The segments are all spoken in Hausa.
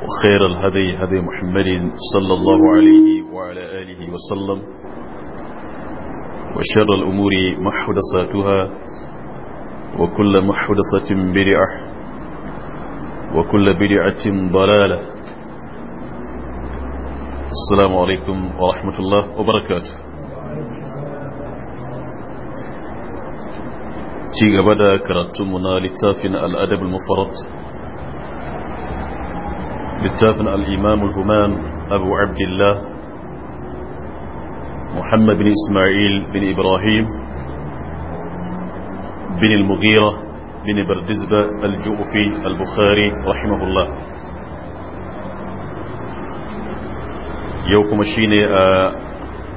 وخير الهدي هدي محمد صلى الله عليه وعلى آله وسلم وشر الأمور محدثاتها وكل محدثة برعة وكل برعة ضلالة السلام عليكم ورحمة الله وبركاته ci gaba da karatunmu na بالتافن الإمام الهمام أبو عبد الله محمد بن إسماعيل بن إبراهيم بن المغيرة بن بردزبة الجوفي البخاري رحمه الله يوكم الشيني آه،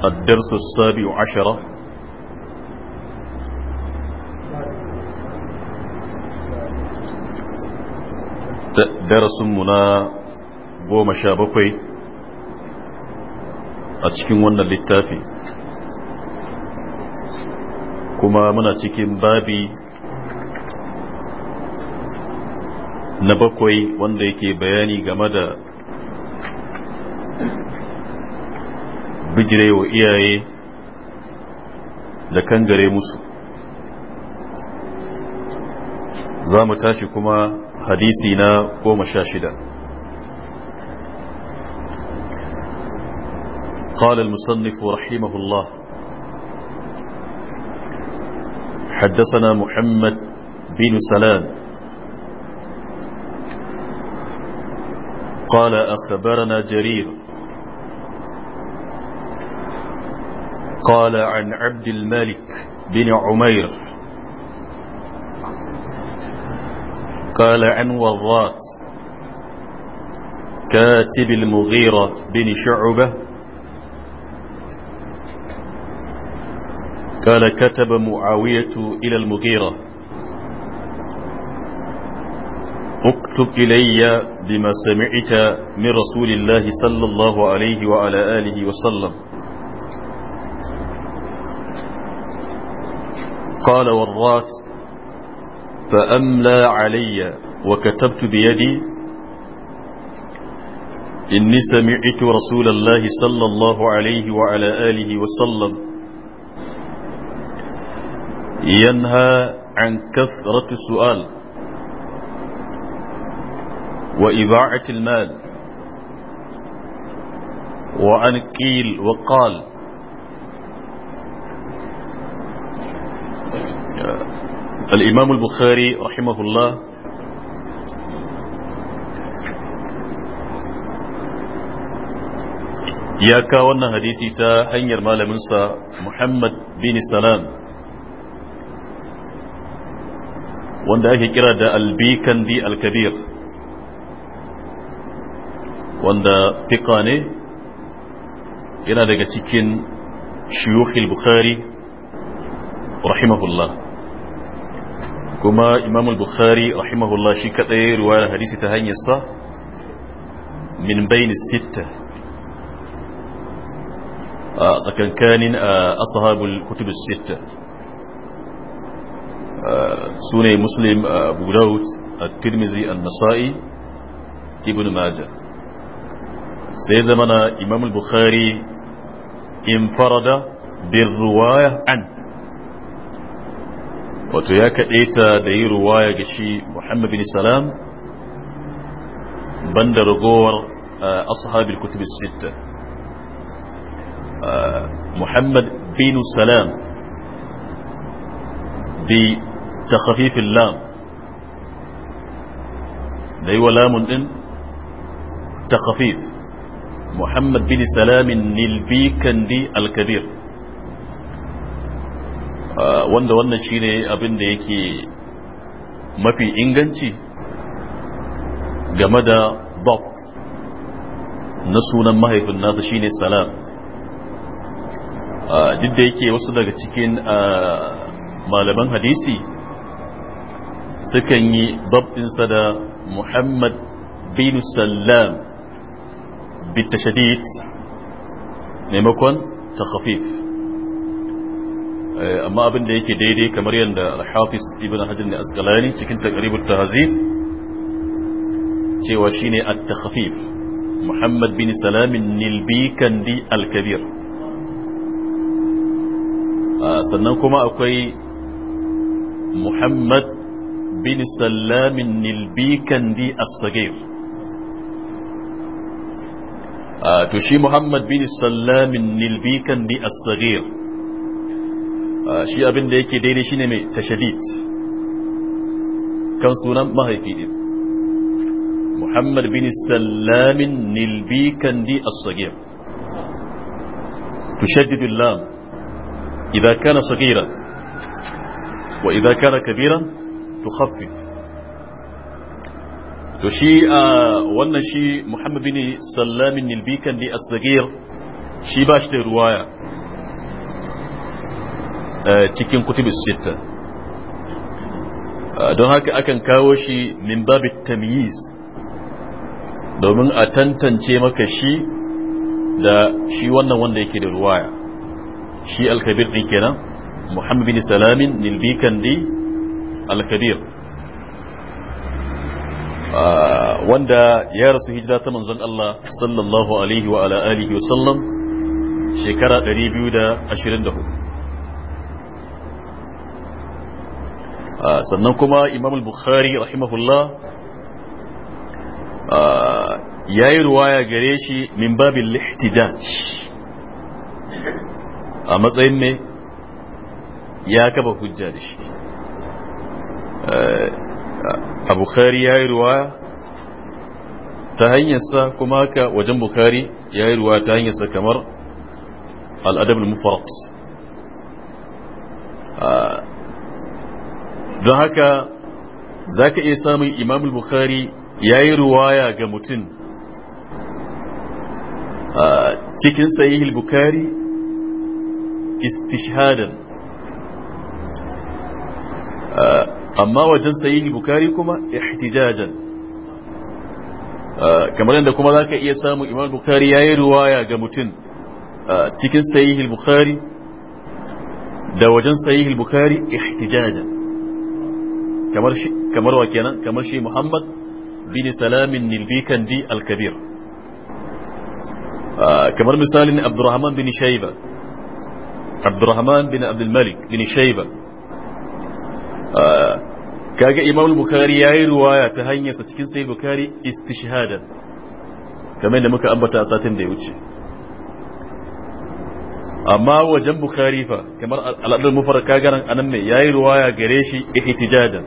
الدرس السابع عشرة درس منا goma sha bakwai a cikin wannan littafi kuma muna cikin babi na bakwai wanda yake bayani game da wa iyaye da kan gare musu za mu tashi kuma hadisi na goma sha shida قال المصنف رحمه الله حدثنا محمد بن سلام قال أخبرنا جرير قال عن عبد الملك بن عمير قال عن وضات كاتب المغيرة بن شعبه قال كتب معاوية إلى المغيرة اكتب إلي بما سمعت من رسول الله صلى الله عليه وعلى آله وسلم قال والرات فأملى علي وكتبت بيدي إني سمعت رسول الله صلى الله عليه وعلى آله وسلم ينهى عن كثرة السؤال وإباعة المال وعن قيل وقال الإمام البخاري رحمه الله يا كاونا حديثي تا هنير منسى محمد بن سلام wanda ake kira da albikandi alkabir wanda fiqa ne yana daga cikin shiyukhil bukhari rahimahullah kuma imam al bukhari rahimahullah shi kadai ruwayar hadisi ta hanyar sa min bayni sita a tsakankanin ashabul kutubus sita su ne muslim abu daud at-tirmizi an-nasa'i ibn majah sai zamana imam al-bukhari infarada bir ruwaya an wato ya kaɗaita da yi ruwaya ga shi muhammad bin salam banda ragowar ashabil kutub sitta muhammad bin salam bi ta khafifin lam da yi wa lamun ɗin ta khafif muhammad bin salamin nilbi kandi alkabir ah, wanda wannan shine abin da yake mafi inganci game da bob na sunan mahaifin nasa shine salam ah, duk da yake wasu daga cikin ah, malaman hadisi sukan yi babinsa da muhammad bin sallam bitashadid maimakon takhafif eh, amma abin da yake daidai kamar yadda al-hafiz ibn hajar ne asqalani cikin taqribut tahzib cewa shine at-takhfif muhammad bin salam nilbi kandi al-kabir ah, sannan kuma akwai muhammad بن سلام دي الصغير آه، تشي محمد بن سلام دي الصغير آه شي أبن ديكي ديري شيني مي تشديد كان سونا ما هي في دي. محمد بن سلام دي الصغير تشدد اللام إذا كان صغيرا وإذا كان كبيرا tukhaffif to shi wannan shi Muhammad bin Sallamin Nilbikan di As-Sagir shi ba shi da ruwaya cikin kutubus sitta don haka akan kawo shi min babit tamyiz domin a tantance maka shi da shi wannan wanda yake da ruwaya shi alkabir din kenan Muhammad bin Salamin Nilbikan di Alkabir ah, wanda ya rasu hijira ta manzon Allah sallallahu alaihi wa ala alihi wasallam shekara 224 ah, sannan kuma imam al-bukhari rahimahullah ah, ya yi ruwaya gare shi min babin lihtidaj a matsayin ne ya kafa hujja da shi a bukhari ya yi ruwa ta hanyarsa kuma haka wajen bukhari ya yi ruwa ta hanyarsa kamar al'adab mufarat don haka za ka iya samun imamul bukhari ya yi ruwaya ga mutum cikin sahih bukhari istishhadan amma wajen sayi bukari kuma ihtijajan kamar yadda kuma zaka iya samu imam bukari yayi ruwaya ga mutum cikin sayi bukari da wajen sayi bukari ihtijajan kamar shi kamar wa kenan kamar shi muhammad bin salamin nilbikandi al-kabir kamar misalin abdurrahman bin shayba abdurrahman bin abdul malik bin shayba kaga imam bukhari yayi ruwaya ta hanyar sa cikin sai bukhari istishhadan kamar da muka ambata a satin da ya wuce amma wajen bukhari fa kamar al'adar mufar kagaran anan mai yayi ruwaya gare shi ihtijajan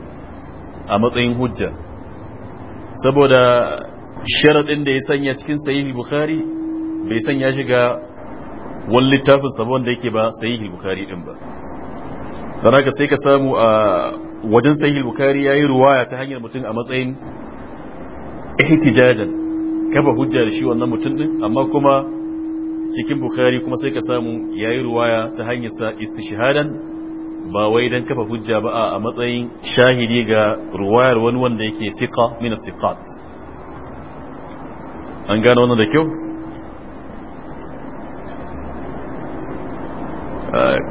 a matsayin hujja saboda sharadin da ya sanya cikin sahihi bukhari bai sanya shiga ga wani littafin sabon da yake ba sahihi bukhari din ba don haka sai ka samu a wajen sahih bukari yayi ruwaya ta hanyar mutum a matsayin ihtijajan kafa hujja da shi wannan mutum din amma kuma cikin bukari kuma sai ka samu yayi ruwaya ta hanyar sa istishhadan ba wai dan kafa hujja ba a a matsayin shahidi ga ruwayar wani wanda yake thiqa min thiqat an gano wannan da kyau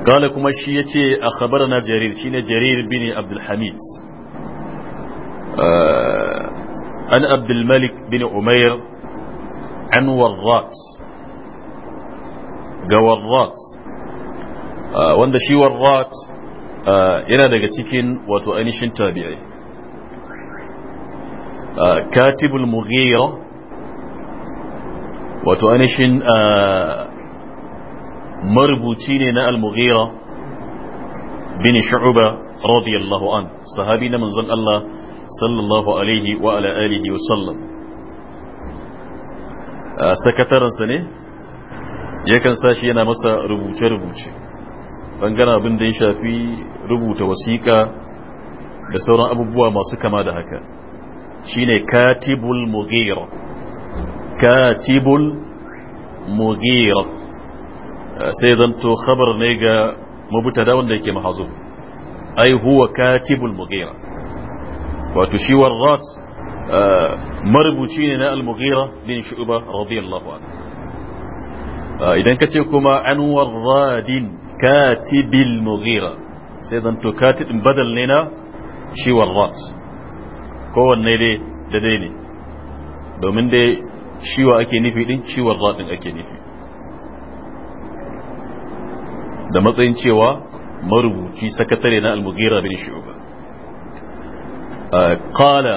قال كما شيء أخبرنا جرير شين جرير بن عبد الحميد آه، أن عبد الملك بن عمير عن ورات جورات آه، وند شي ورات إلى آه، دقتكين وتؤنيش تابعي كاتب المغيرة وتؤنيش آه marubuci ne na al-mughira bin shu'ba radiyallahu an sahabi na manzon Allah sallallahu alaihi wa ala alihi wa sallam sakataransa ne yakan sashi yana masa rubuce-rubuce bangaren abin da ya shafi rubuta wasiƙa da sauran abubuwa masu kama da haka shine katibul mughira katibul mughira sai zanto khabar ne ga mubtada wanda yake mahazu ai huwa katibul mughira wato shi warrat marubuci ne na al-mughira bin shu'ba radiyallahu anhu idan kace kuma an warradin katibil mughira sai zanto katibin badal ne na shi warrat kowanne dai da dai ne domin dai shiwa ake nufi din ciwon radin ake nufi da matsayin cewa marubuci sakatare na al-mughira bin shu'ba qala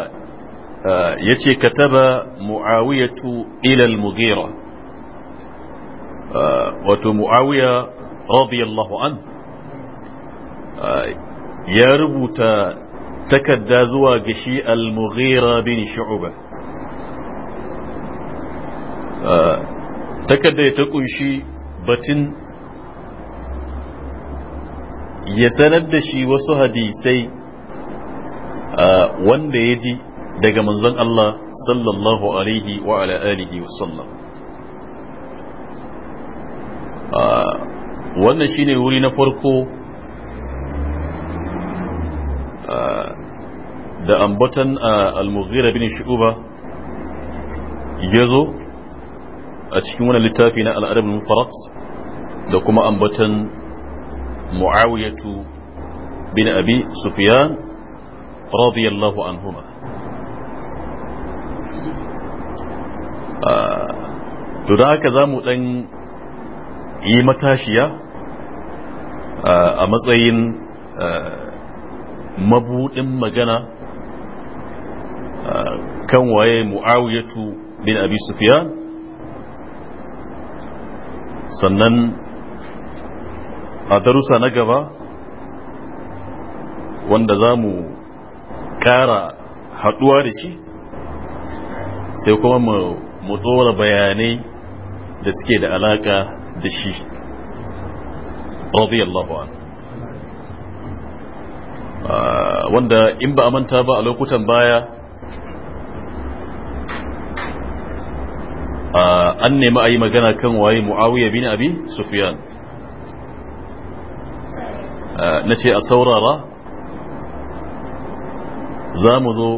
yace kataba muawiyatu ila al-mughira wato muawiya radiyallahu an ya rubuta takarda zuwa ga shi al-mughira bin shu'ba takarda ta kunshi batin ya sanar da shi wasu hadisai wanda ya ji daga manzon Allah sallallahu alaihi wa ala alihi wa sallam wannan shine wuri na farko da ambatan al-mughira bin shu'ba ya zo a cikin wani littafi na al'adab mufarat da kuma ambatan muawiyatu bin abi sufyan radiyallahu anhuma ah, to da haka za mu ɗan yi matashiya ah, a matsayin ah, mabuɗin magana kan waye mu'awiyatu bin abi sufyan sannan a darussa na gaba wanda za mu kara haduwa da shi sai kuma mu tsora bayanai da suke da alaƙa da shi radiyallahu an wanda in ba a manta ba a lokutan baya an nemi a yi magana kan waye mu'awiya bin abi sufyan na ce a saurara za mu zo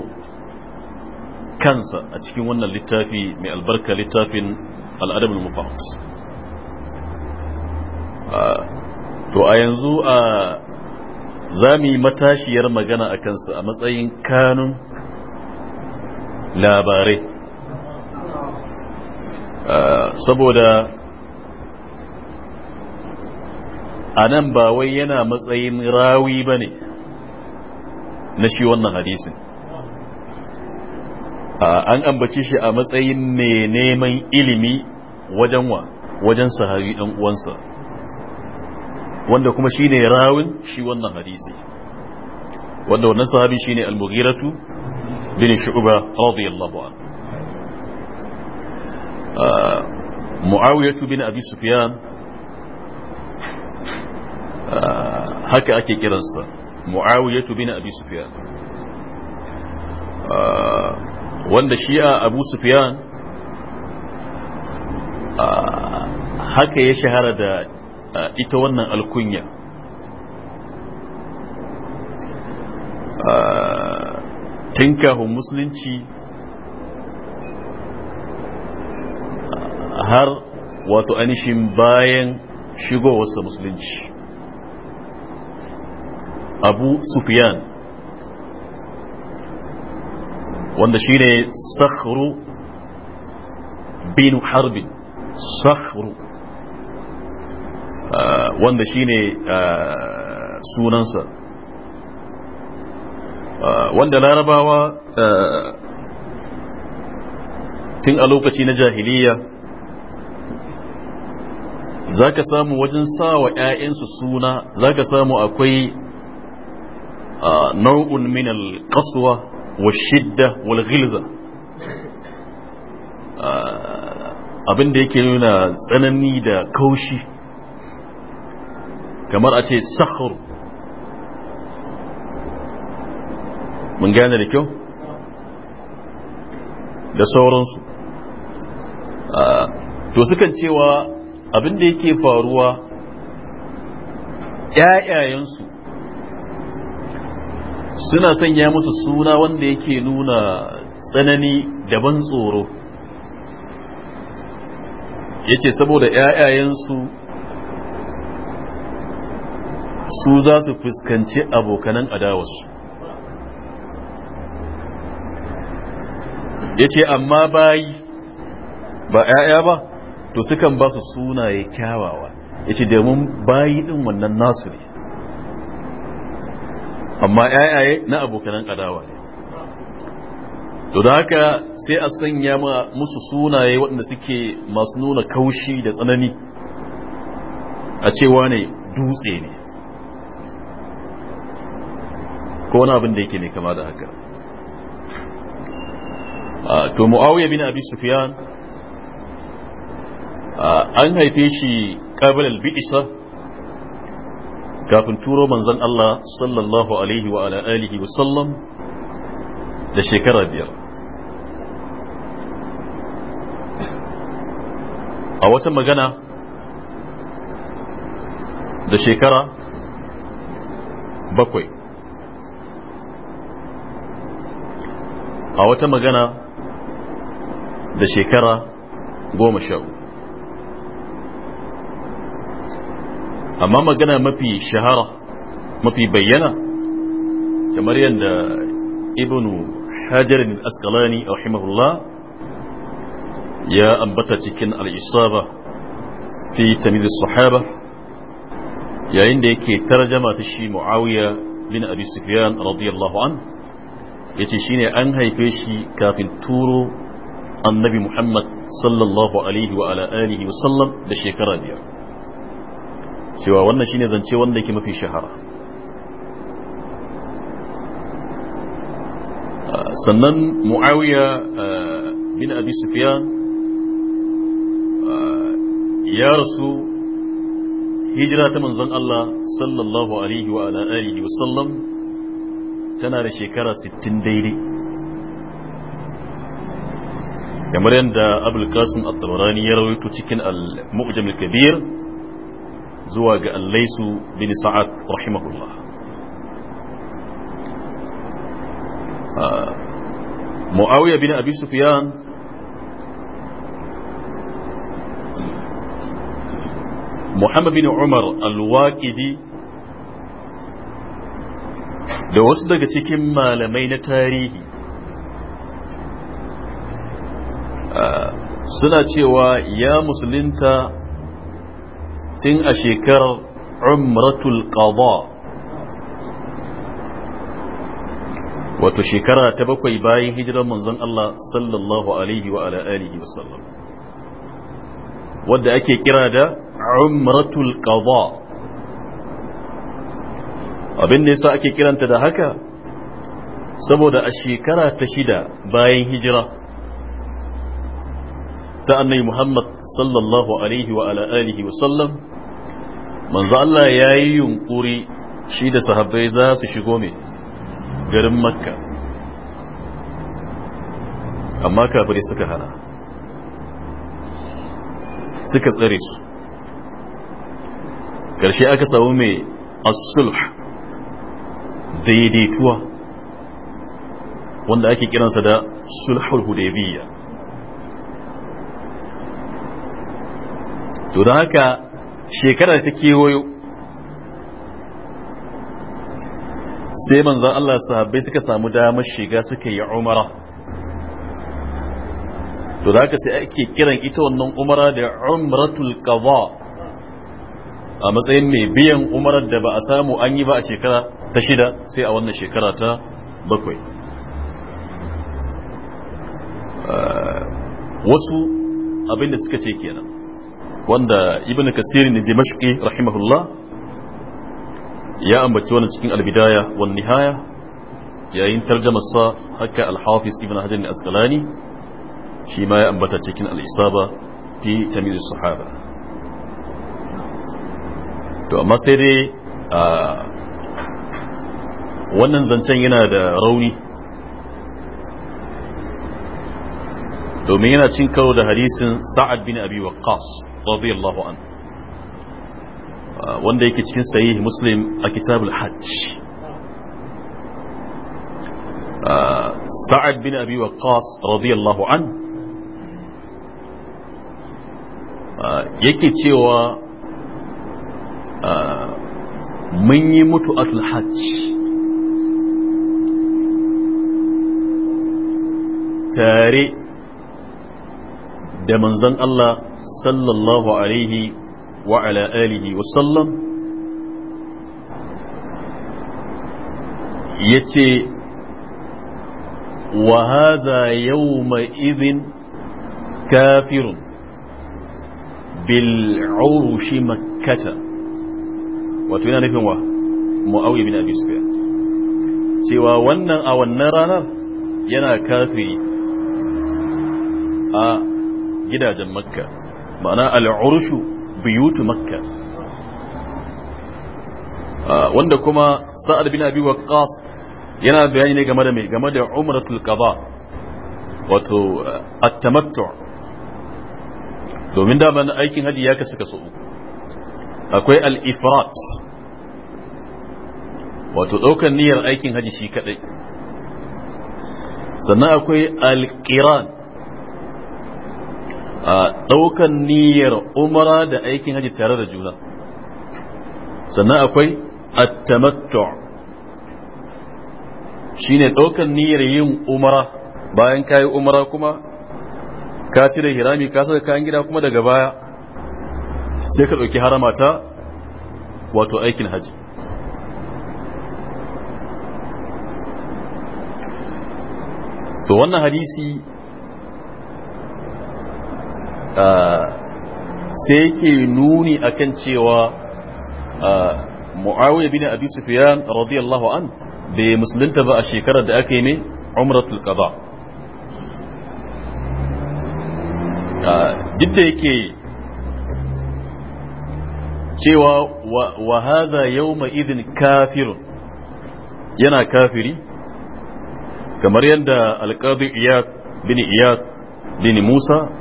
kansa a cikin wannan littafi mai albarka littafin al'adabin mufahimt to a yanzu a za mu yi matashiyar magana a kansa a matsayin kanun labarai saboda a nan ba wai yana matsayin rawi ba ne na shi wannan hadisin an ambaci shi a matsayin mai neman ilimi wajen wa wajen sahabi ɗan uwansa wanda kuma shi ne rawin shi wannan hadisi wanda wannan sahabi shi ne mughiratu bin shu'ba radiyallahu anhu muawiyatu bin abi sufyan haka ake kiransa mu'awiyatu bin abi sufyan wanda shi'a abu sufyan haka ya shahara da ita wannan alkunya tinkahun musulunci har wato anishin bayan shigowarsa musulunci abu sufyan wanda shi ne sakhru bin harbin sakhru uh, wanda shi ne uh, sunansa uh, wanda larabawa tun a lokaci na jahiliya za ka samu wajen sawa 'ya'yansu suna za ka samu akwai نوع wa shidda والشدة gilza abin da yake nuna tsanani da kaushi kamar a ce sakhur mun gane da kyau da sauransu to sukan cewa abin da yake faruwa ‘ya'yayensu suna sanya musu suna wanda yake nuna tsanani daban tsoro yace saboda ‘ya'yayensu su za su fuskanci abokanan adawarsu yace amma bayi ba ‘ya'ya ba to sukan ba su sunaye kyawawa yace domin bayi ɗin wannan nasu ne amma yayaye na abokanan adawa ne to da haka sai a sanya musu sunaye waɗanda suke masu nuna kaushi da tsanani a cewa ne dutse ne ko wani abin da yake mai kama da haka to mu'awiyah bin abi sufyan an haife shi qabla al-bi'sa kafin turo manzon Allah sallallahu alaihi wa ala alihi wa sallam da shekara biyar a wata magana da shekara bakwai a wata magana da shekara goma sha uku amma magana mafi shahara mafi bayyana kamar yadda ibnu hajar bin asqalani rahimahullah ya ambata cikin al-isaba fi tamyiz sahaba yayin da yake tarjama ta shi muawiya bin abi sufyan radiyallahu an yace shine an haife shi kafin turo annabi muhammad sallallahu alaihi wa ala alihi wa sallam da shekara biyar cewa wannan shine zance wanda yake mafi shahara sannan muawiya eh, bin abi sufyan eh, ya rasu hijira ta manzon Allah sallallahu alaihi wa ala alihi wa sallam tana da shekara 60 daidai kamar yadda abul qasim at-tabarani ya rawaito cikin al-mu'jam al-kabir zuwa ga allaisu bin sa'ad rahimahullah uh, mu'awiya bin abi sufyan muhammad bin umar al-waqidi da wasu daga cikin malamai na tarihi uh, suna cewa ya musulunta tun a shekarar umratul qada wato shekara ta bakwai bayan hijirar manzon Allah sallallahu alaihi wa alihi wa sallam wadda ake kira da umratul qada abin da yasa ake kiranta da haka saboda a shekara ta shida bayan hijira ta annabi Muhammad sallallahu alaihi wa alihi wa sallam manzo Allah ya yi yunkuri shi da sahabbai za su shigo mai garin makka amma kafirai suka hana suka tsare su ƙarshe aka samu mai asulh daidaituwa wanda ake kiransa da sulhul hudaybiyya to da haka shekarar ta kewayo sai manzan Allah sahabbai suka samu damar shiga suka yi umara to da sai ake kiran ita wannan umara da umratul qada a matsayin mai biyan umarar da ba a samu an yi ba a shekara ta shida sai a wannan shekara ta bakwai wasu abinda suka ce kenan wanda ibn kasir ne dimashqi rahimahullah ya ambaci wannan cikin albidaya wan nihaya yayin tarjumar sa haka al-hafiz ibn hajar al-asqalani shi ma ya ambata cikin al-isaba fi tamyiz sahaba to amma sai dai wannan zancen yana da rauni domin yana cin karo da hadisin sa'ad bin abi waqqas radiyallahu an wanda yake cikin sahih muslim a kitabul hajj sa'ad bin abi waqqas radiyallahu an yake cewa mun yi mutu atul hajj tare da manzon Allah sallallahu alaihi wa ala alihi wa sallam yace wa hadha yawma idhin kafirun bil urushi makkata wato yana nufin wa muawiya bin abi sufyan wannan a wannan ranar yana kafiri a gidajen makka ma'ana al'urushu biyutu makka ah, wanda kuma sa'ad bin abi waqqas yana bayani ne game da mai game da umratul qada wato ah, at-tamattu domin daman aikin haji ya kasu kasu. akwai al-ifrat wato ɗaukar niyyar aikin haji shi kadai sannan akwai al-qiran A ɗaukan niyyar umara da aikin haji tare da juna sannan akwai attamattu shine ɗaukan niyyar yin umara bayan kayi umara kuma ka cire hirami ka saka kayan gida kuma daga baya sai ka ɗauki harama ta wato aikin haji to wannan hadisi sai yake nuni akan cewa muawiya bin abi sufyan radiyallahu an bai musulunta ba a shekarar da aka yi ne umratul qada duk da yake cewa wa hadha yawma idhin kafir yana kafiri kamar yadda alqadi iyad bin iyad bin musa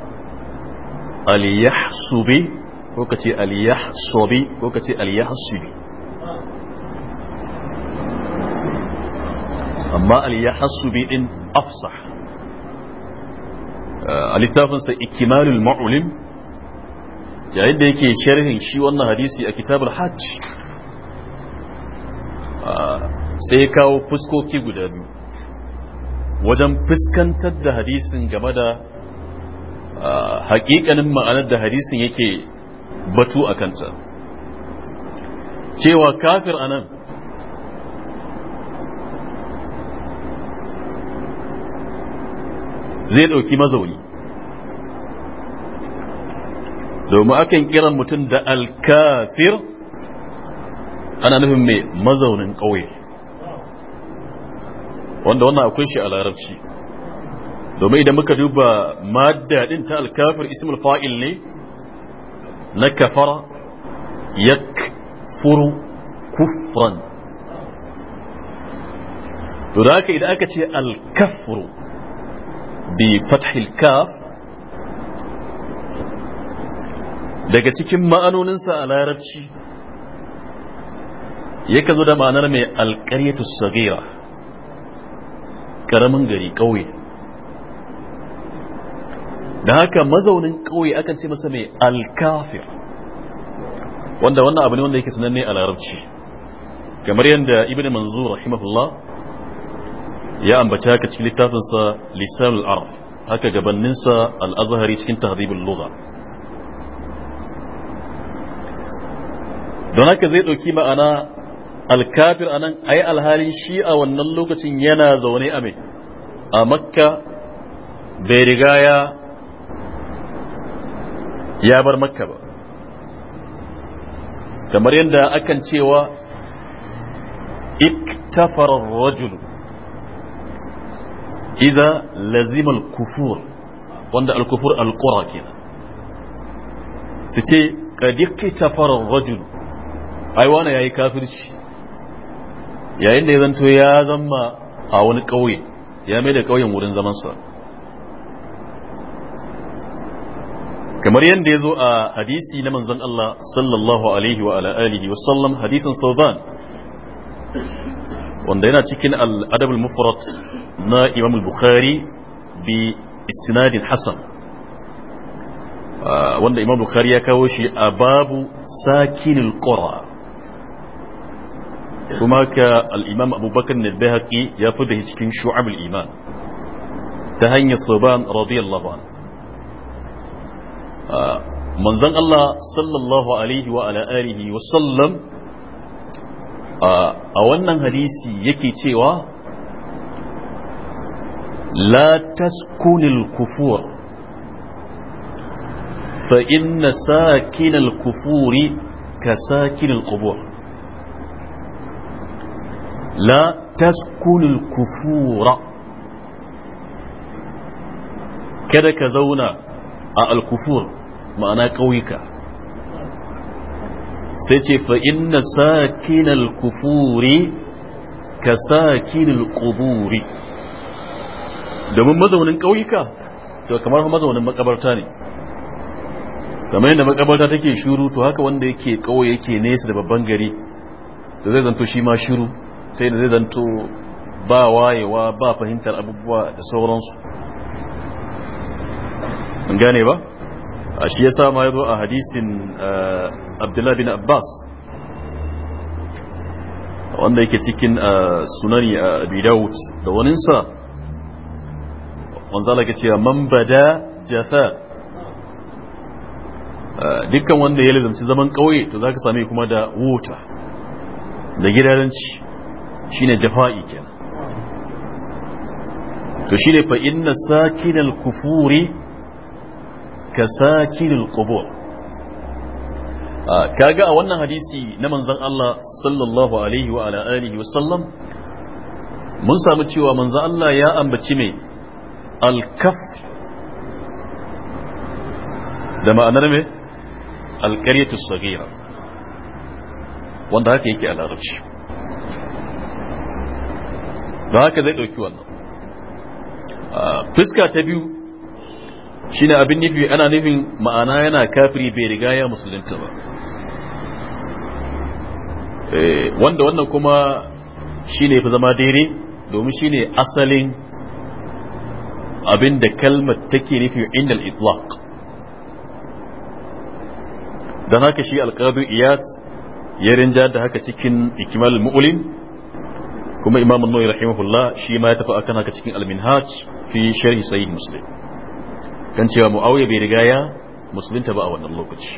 aliyahsubi ko ka ce aliyahsubi ko ka ce aliyahsubi amma aliyahsubi din afsah a littafinsa ikimalul ma'ulim yayin da yake sharhin shi wannan hadisi a kitabul hajj sai kawo fuskoki guda biyu wajen fuskantar da hadisin game da haƙiƙanin ma'anar da hadisin yake batu a kanta cewa kafir a nan zai ɗauki mazauni domin akan kiran mutum da alkafir ana nufin mai mazaunin ƙauye wanda wannan akwai shi a larabci domin idan muka duba madda din ta alkafir ismul fa'il ne na kafara yakfuru kufran to da haka idan aka ce alkafru bi fathil kaf daga cikin ma'anoninsa a larabci yaka zo da ma'anar mai alƙaryatu sagira ƙaramin gari ƙauye da haka mazaunin ƙauye akan ce masa mai alkafir wanda wannan abu ne wanda yake sananne a larabci kamar yadda ibn manzur rahimahullah ya ambaci haka cikin littafinsa lisan al haka gabaninsa al cikin tahdhibul lugha don haka zai ɗauki ma'ana alkafir anan yi alhalin shi a wannan lokacin yana zaune a mai a makka bai riga ya ya bar makka ba kamar yadda akan cewa iktafar rajul iza lazima al-kufur wanda al-kufur al-qura kenan su ce kad iktafar rajul ai wani yayi kafirci yayin da ya zanto ya zama a wani ƙauye ya mai da ƙauyen wurin zaman sa kamar yadda ya zo a hadisi na manzon Allah sallallahu alaihi wa ala alihi wa sallam hadisin sauban wanda yana cikin al-adab al-mufrad na Imam al-Bukhari bi isnadin hasan wanda Imam Bukhari ya kawo shi a babu sakinil qura kuma ka al-Imam Abu Bakar al-Bayhaqi ya fada cikin shu'ab al-iman ta hanyar sauban radiyallahu anhu manzon Allah sallallahu alaihi wa ala alihi wa sallam a wannan hadisi yake cewa la taskunil kufur fa inna sakinal kufuri ka sakinal qubur la taskunil kufura kada ka zauna a alkufur ma'ana ƙauyuka sai ce fa inna sakinal kufuri ka sakinal kuburi domin mazaunin ƙauyuka to kamar mazaunin makabarta ne kamar yadda makabarta take shiru to haka wanda yake ƙauye yake nesa da babban gari da zai zanto shi ma shiru sai da zai zanto ba wayewa ba fahimtar abubuwa da sauransu gane ba a shi yasa ma yazo a hadisin eh, Abdullahi bin Abbas wanda yake cikin eh, sunani a eh, Abi Dawud da waninsa wanzala ke cewa man bada dukkan wanda ya lazamci zaman kauye to ka sami kuma da wuta da gidaranci shine jafa'i kenan to shine fa inna sakinal kufuri ka sakinil qubur ah, kaga a wannan hadisi na manzon Allah sallallahu alaihi wa ala wa sallam mun samu cewa manzon Allah ya ambaci mai, alkaf. da ma'anar me Alkaryatu qaryatu wanda haka yake a larabci da haka zai ɗauki wannan ah, fuska ta biyu shine abin nufi ana nufin ma'ana yana kafiri bai riga ya musulunta ba eh, wanda wannan kuma shine fi zama daidai domin shine asalin abin da kalmar take nufi inda al-itlaq don haka shi alkadu iyat ya rinja da haka cikin ikimal mu'ulin kuma imam an-nawawi rahimahullah shi ma ya tafi akan haka cikin al-minhaj fi sharhi sahih muslim kan cewa mu'awiya bai riga ya musulunta ba a wannan lokaci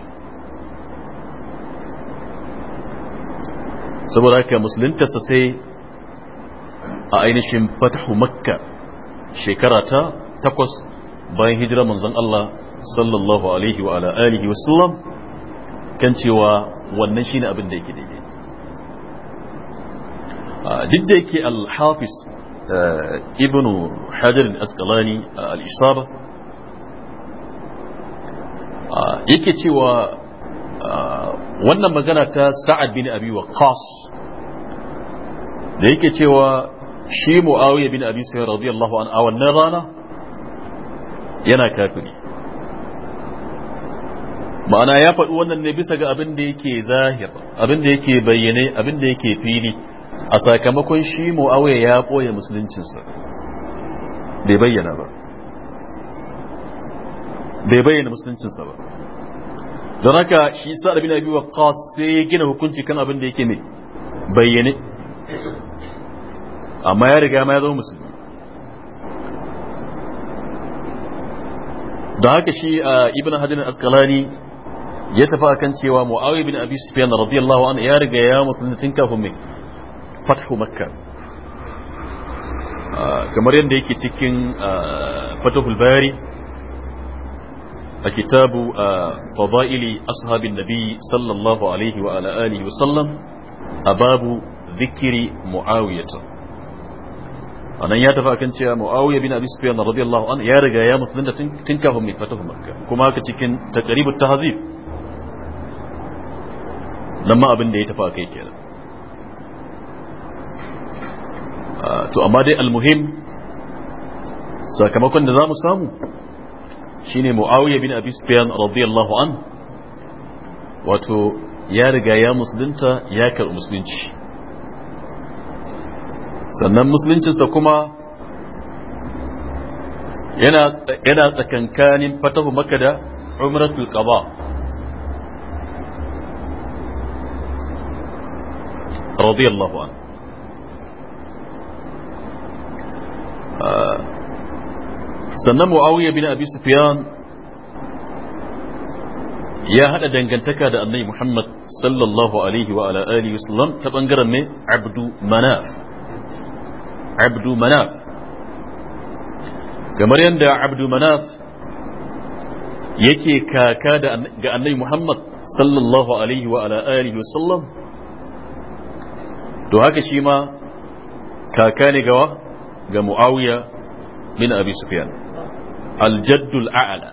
saboda haka musuluntarsa sai a ainihin fatahu makka shekara ta takwas bayan hijira manzon Allah sallallahu alaihi wa alihi wa sallam kan cewa wannan shine abin da yake daidai duk da yake al-hafiz eh, ibnu hajar al-asqalani eh, al-isaba yake cewa ah, wannan magana ta sa'ad bin abi qas da yake cewa shi muawiya bin abi sufyan radiyallahu an a wannan rana yana kafiri ma'ana ya faɗi wannan ne bisa ga abin da yake zahir abin da yake bayyane abin da yake fili a sakamakon shi muawiya ya ɓoye musuluncinsa bai bayyana ba bai bayyana musuluncinsa ba don haka shi sa da bin sai ya gina hukunci kan abin da yake ne bayyane amma ya riga ma ya zama musulmi da haka shi a ibn hajar askalani ya tafi akan cewa muawiya bin abi sufyan radiyallahu anhu ya riga ya musulmi tun kafin mai fathu makka kamar yadda yake cikin fatahul bari A kitabu كتاب فضائل أصحاب النبي صلى الله عليه وعلى آله وسلم أباب ذكر معاوية anan ya tafi akan cewa Muawiya bin Abi Sufyan radiyallahu anhu ya riga ya musulunta tun kafin mai fatahu Makka kuma haka cikin taqribut tahzib nan ma abin da ya tafi akai kenan to amma dai almuhim sakamakon da za mu samu shine muawiya bin abi sufyan radiyallahu an wato ya riga ya musulunta ya karɓi musulunci sannan musuluncinsa kuma yana tsakankanin fatahu maka da umratul qaba radiyallahu an ah, sannan muawiya bin abi sufyan ya hada dangantaka da annabi muhammad sallallahu alaihi wa ala alihi wasallam ta bangaren ne abdu manaf abdu manaf kamar yadda abdu manaf yake kaka ga annabi muhammad sallallahu alaihi wa ala alihi wasallam to haka shi ma kaka ne gawa ga muawiya bin abi sufyan aljaddul a'ala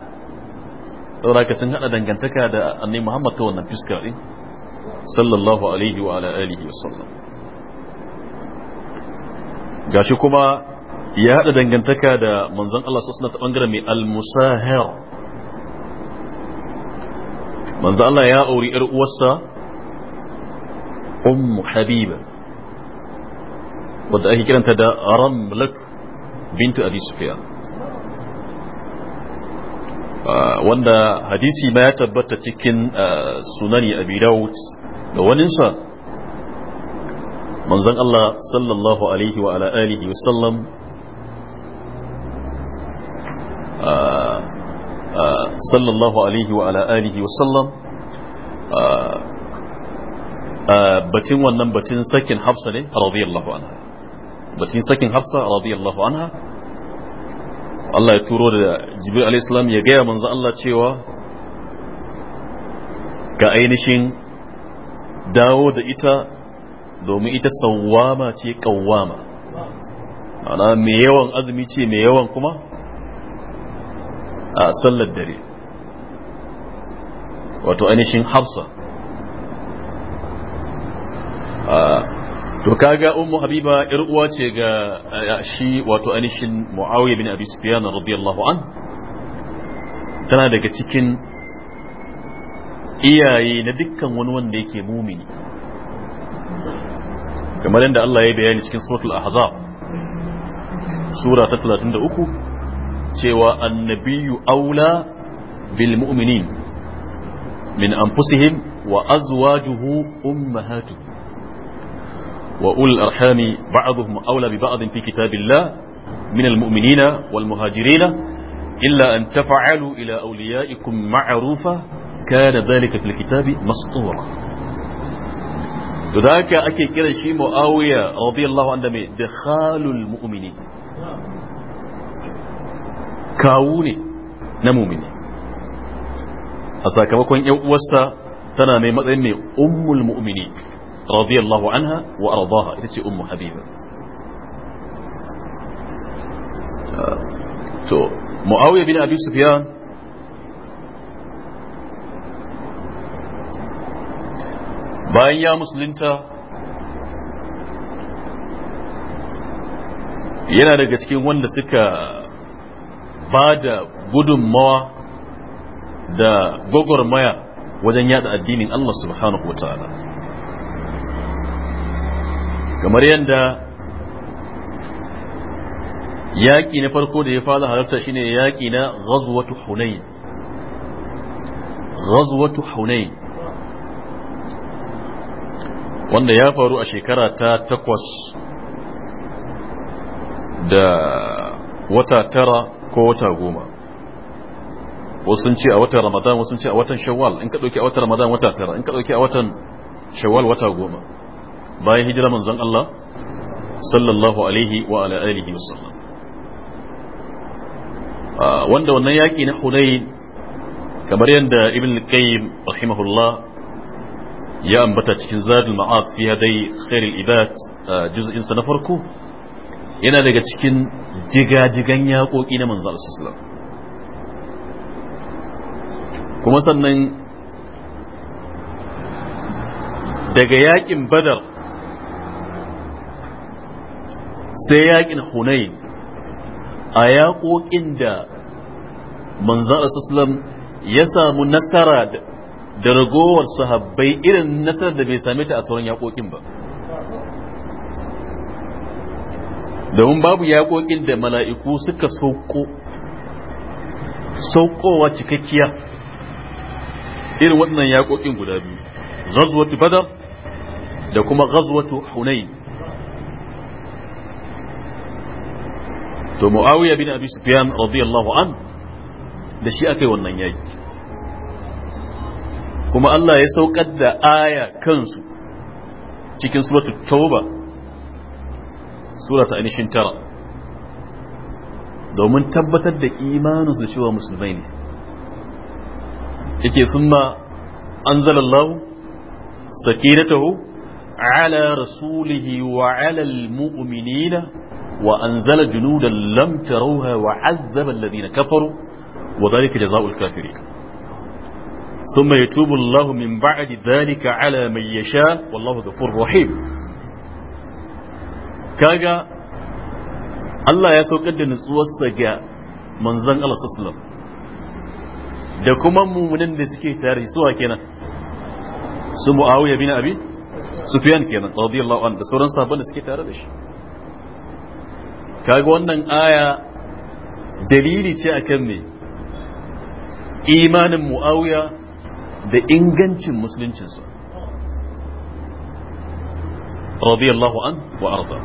saboda ka sun hada dangantaka da annabi Muhammad ta wannan fiska din sallallahu alaihi wa ala alihi wa sallam gashi kuma ya hada dangantaka da manzon Allah sallallahu alaihi ta bangaren mai al-musahir manzon Allah ya auri yar uwarsa ummu habiba wadda ake kiranta da ramlat bintu abi sufyan wanda hadisi ma ya tabbata cikin sunani abi dawud da waninsa manzon Allah sallallahu alaihi wa ala alihi wa sallam sallallahu alaihi wa ala alihi wa sallam batin wannan batin sakin hafsa ne radiyallahu anha batin sakin hafsa radiyallahu anha Allah ya turo da jibril alaihissalam ya gaya manzo Allah cewa ga ainihin dawo da ita domin ita sawwama ce kawwama ana mai yawan azumi ce mai yawan kuma a sallar dare wato ainihin hafsa to kaga ummu habiba yar uwa ce ga shi wato anishin muawiya bin abi sufyan radiyallahu an tana daga cikin iyaye na dukkan wani wanda yake mumini kamar yadda Allah ya bayani cikin suratul ahzab sura ta 33 cewa annabiyyu aula bil mu'minin min anfusihim wa azwajuhu ummahatuhum وأولي الأرحام بعضهم أولى ببعض في كتاب الله من المؤمنين والمهاجرين إلا أن تفعلوا إلى أوليائكم معروفا كان ذلك في الكتاب مسطورا ذاك أكي كده شيء معاوية رضي الله عنه دخال المؤمنين كاوني نمومني أساكبكم يوسى تنا تنامي أمي أم المؤمنين radiyallahu anha wa ardaha ita ce ummu habiba uh, to muawiya bin abi sufyan bayan ya musulunta yana daga cikin wanda suka ba da gudunmawa da maya wajen yada addinin Allah subhanahu wa ta'ala kamar yadda yaƙi na farko da ya fara halarta shine yaƙi na ghazwatu hunain ghazwatu hunain wanda ya faru a shekara ta takwas da wata tara ko wata goma wasu sun ce a watan ramadan wasu sun ce a watan shawwal in ka ɗauki a watan ramadan wata tara in ka ɗauki a watan shawwal wata goma bayan hijira manzon Allah sallallahu alaihi wa ala alihi wasallam ah, wanda wannan yaki na Hunayn kamar yadda Ibn Qayyim rahimahullah ya ambata cikin Zadul Ma'ad fi hadai khairul ibad ah, juz'in sa na farko yana daga cikin jigajigan yaƙoƙi na manzon Allah sallallahu alaihi kuma sannan daga yakin badar sai yaƙin hunain a yaƙoƙin da manzara sassalam ya samu nasara da ragowar sahabbai irin nasarar da bai same ta a sauran yaƙoƙin ba domin babu yaƙoƙin da mala'iku suka sauko saukowa cikakkiya irin waɗannan yaƙoƙin guda biyu ghazwatu badar da kuma ghazwatu hunain to muawiya bin abi sufyan radiyallahu an da shi akai wannan yaki kuma Allah ya saukar da aya kansu cikin suratul tauba surata anishin tara domin tabbatar da imaninsu da cewa musulmai ne yake summa anzalallahu sakinatahu ala rasulihi wa ala almu'minina وأنزل جنودا لم تروها وعذب الذين كفروا وذلك جزاء الكافرين ثم يتوب الله من بعد ذلك على من يشاء والله غفور رحيم كاجا الله يسوق الدين سوسجا من زن الله صلى الله da kuma mummunan da suke tare su wa kenan su muawiya bin abi sufyan kenan radiyallahu anhu da sauran sahabban da kaga wannan aya dalili ce akan me imanin mu'awiya da ingancin musuluncinsa radiyallahu an wa arda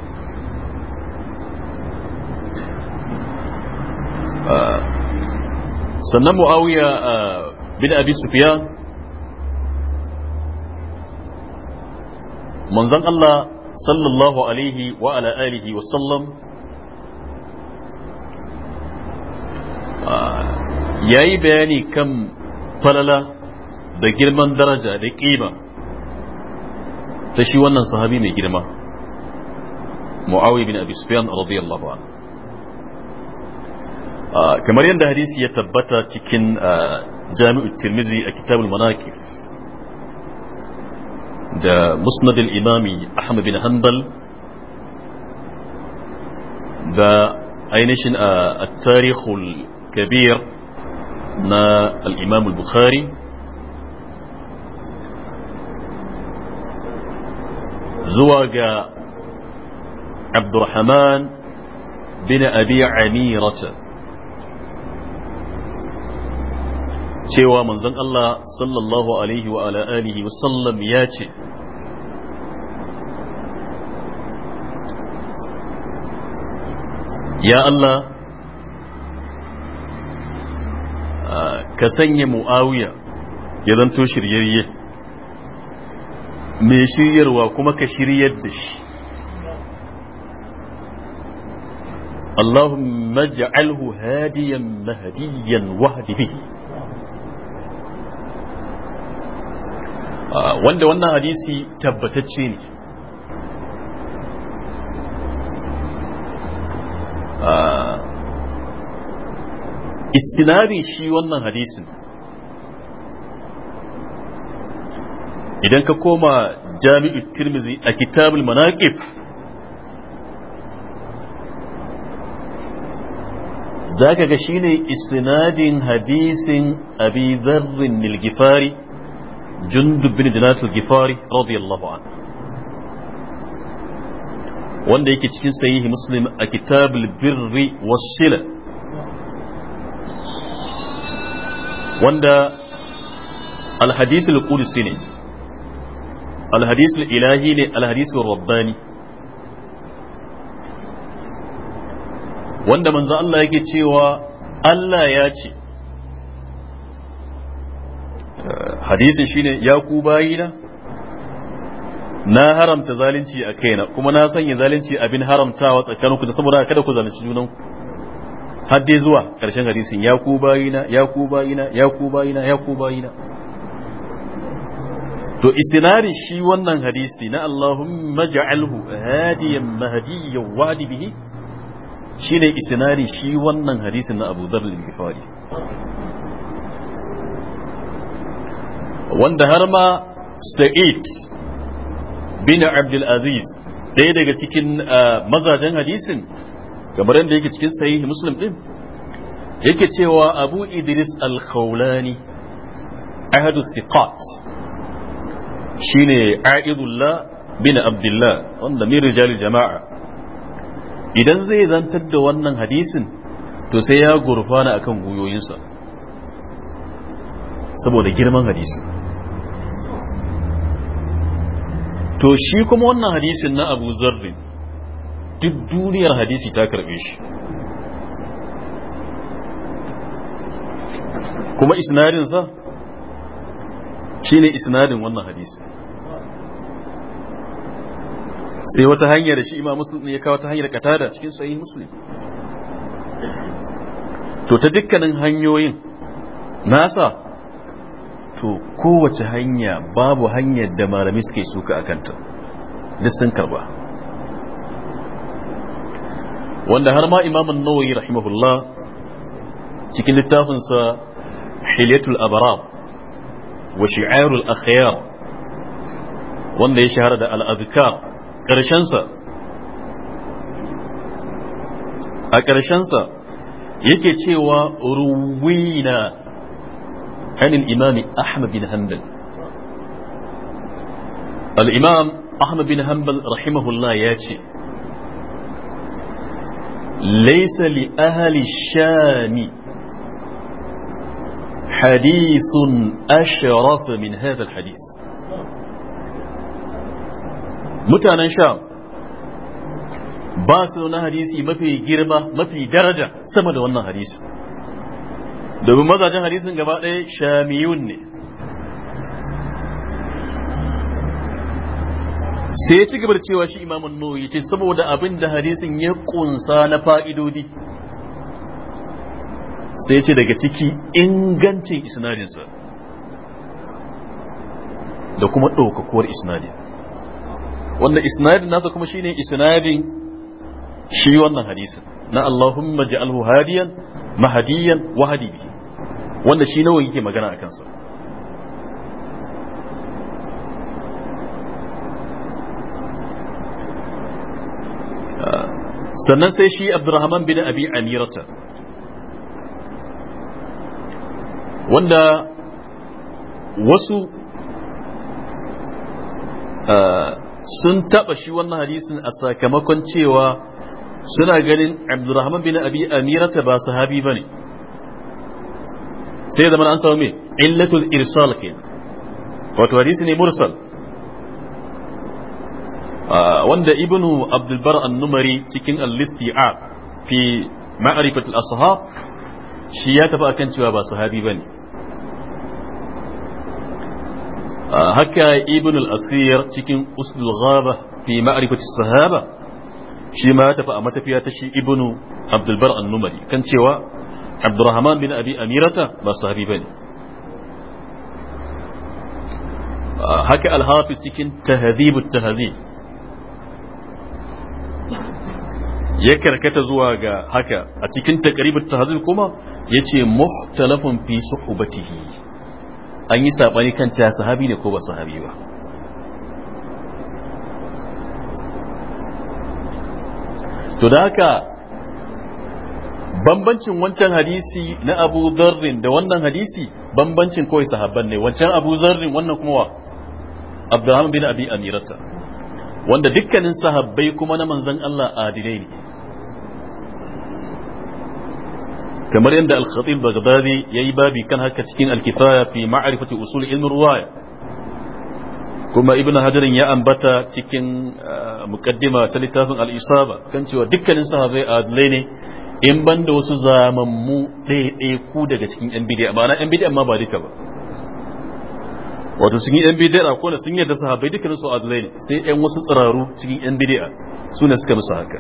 ah, sannan mu'awiya ah, bin abi sufyan manzon Allah sallallahu alaihi wa ala alihi wa sallam ya yi bayani kan falala da girman daraja da ƙima ta shi wannan sahabi mai girma mu'awi bin abi sufyan radiyallahu anhu kamar yadda hadisi ya tabbata cikin jami'u tirmizi a kitabul manaki da musnad imami ahmad bin hanbal da ainihin a tarihul kabir na al'imam al-bukhari zuwa ga abdurrahman bin abi amirata cewa manzon Allah sallallahu alaihi wa ala alihi wa sallam ya ce ya Allah ka sanya mu'awiya ya zanto shiryayye mai shiryarwa kuma ka shiryar da shi اللهم اجعله hadiyan مهديا واهد ah, wanda wannan hadisi tabbatacce ne istinadin shi wannan hadisin idan ka koma jami'u tirmizi a kitabul manaqib zaka ga shine istinadin hadisin abi zarrin gifari jundub bin janatul gifari radiyallahu anhu wanda yake cikin sahihi muslim a kitabul birri wasila wanda alhadisul ne alhadisul ilahi ne alhadisul rabbani wanda manzo Allah yake cewa Allah ya ce hadisin shine ya ku bayina na haramta zalunci a kaina kuma na sanya zalunci abin haramtawa tsakaninku saboda kada ku zalunci junanku har dai zuwa ƙarshen hadisin ya ku bayina ya ku bayina ya ku bayina ya ku bayina to istinari shi wannan hadisi na Allahumma ja'alhu hadiyan mahdiyyan wadi bihi shine istinari shi wannan hadisin na Abu Dharr al-Ghifari wanda har ma Sa'id bin Abdul Aziz ɗaya daga cikin ah, mazajen hadisin kamar yadda yake cikin sahihi muslim din yake cewa abu idris al-khawlani ahadu thiqat shine aidullah bin abdullah wanda min rijal jama'a idan zai zantar da wannan hadisin to sai ya gurfana akan guyoyinsa saboda girman hadisin to shi kuma wannan hadisin na abu zarri duk duniyar hadisi ta karbe shi kuma isnadinsa shine isnadin wannan hadisi sai wata hanya da shi imam muslim ya kawo ta hanyar katada cikin sahih muslim to ta dukkanin hanyoyin nasa to kowace hanya babu hanyar da malami suke suka akanta duk sun karba wanda har ma imamun nawawi rahimahullah cikin littafinsa hilyatul abaram wa shi'arul akhyar wanda ya shahara da al'adukar ƙarshensa a ƙarshensa yake cewa ruwina anil imami ahmad bin hanbal al-imam ahmad bin hanbal rahimahullah ya ce ليس لأهل الشام حديث أشرف من هذا الحديث متانا شام باسلنا حديثي ما في جرمة ما في درجة سمد وانا حديث domin mazajen hadisin gaba ɗaya sai ya ci gaba da cewa shi imamun nuhu ya ce saboda abin da hadisin ya kunsa na fa'idodi sai ya ce daga ciki ingancin isnadinsa da kuma ɗaukakuwar isnadin wanda isnadin nasa kuma shine isnadin shi wannan hadisin na Allahumma ja'alhu hadiyan mahadiyan wahadi wanda shi nawa yake magana a kansa sannan sai shi abdurrahman bin abi amirata wanda wasu uh, sun taba shi wannan hadisin a sakamakon cewa suna ganin abdurrahman bin abi amirata ba sahabi ba ne sai zama an samu mai illatul irsal ke wato hadisi ne mursal wanda ibnu abdulbar annumari cikin al-listi'a fi ma'rifat al-ashab shi ya tafi akan cewa ba sahabi bane haka ibnu al-asir cikin usul ghaba fi ma'rifat as-sahaba shi ma ya tafi a matafiya ta shi ibnu abdulbar annumari kan cewa abdurrahman bin abi amirata ba sahabi bane haka al-hafiz cikin tahdhib at-tahdhib ya karkata zuwa ga haka a cikin ta tahzir kuma ya ce muhtalafin fi suhbatihi an yi sabani kan ta sahabi ne ko ba sahabi ba to da haka bambancin wancan hadisi na abu zarrin da wannan hadisi bambancin kawai sahabban ne wancan abu zarrin wannan kuma wa abdulhamid bin abi amirata wanda dukkanin sahabbai kuma na manzan Allah adilai ne kamar yadda al-khatib baghdadi yi babi kan haka cikin al-kifaya fi ma'rifati usul ilmin ruwaya kuma ibn hajarin ya ambata cikin uh, mukaddima ta littafin al-isaba kan cewa dukkanin sahabbai adalai ne in ban da wasu ɗaya ku daga cikin yan bidiya ma'ana yan bidiya ma ba duka ba wato sun yi yan bidiya ko da sun yadda sahabbai dukkanin su adalai ne sai yan wasu tsiraru cikin yan bidiya su ne suka musu haka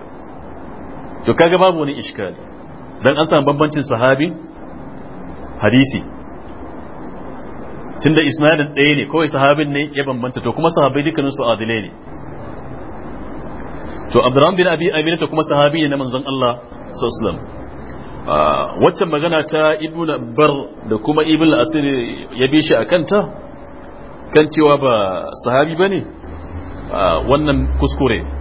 to kaga babu wani iskali dan an samu bambancin sahabi hadisi tunda isnadin ɗaya ne kawai sahabin ne ya bambanta to kuma sahabai dukkanin su adilai ne to abdurrahman bin abi aminu to kuma sahabi ne na manzon Allah sallallahu alaihi ah, waccan magana ta ibn bar da kuma ibn al-asir ya bi shi akan ta kan cewa ba sahabi bane ah, wannan kuskure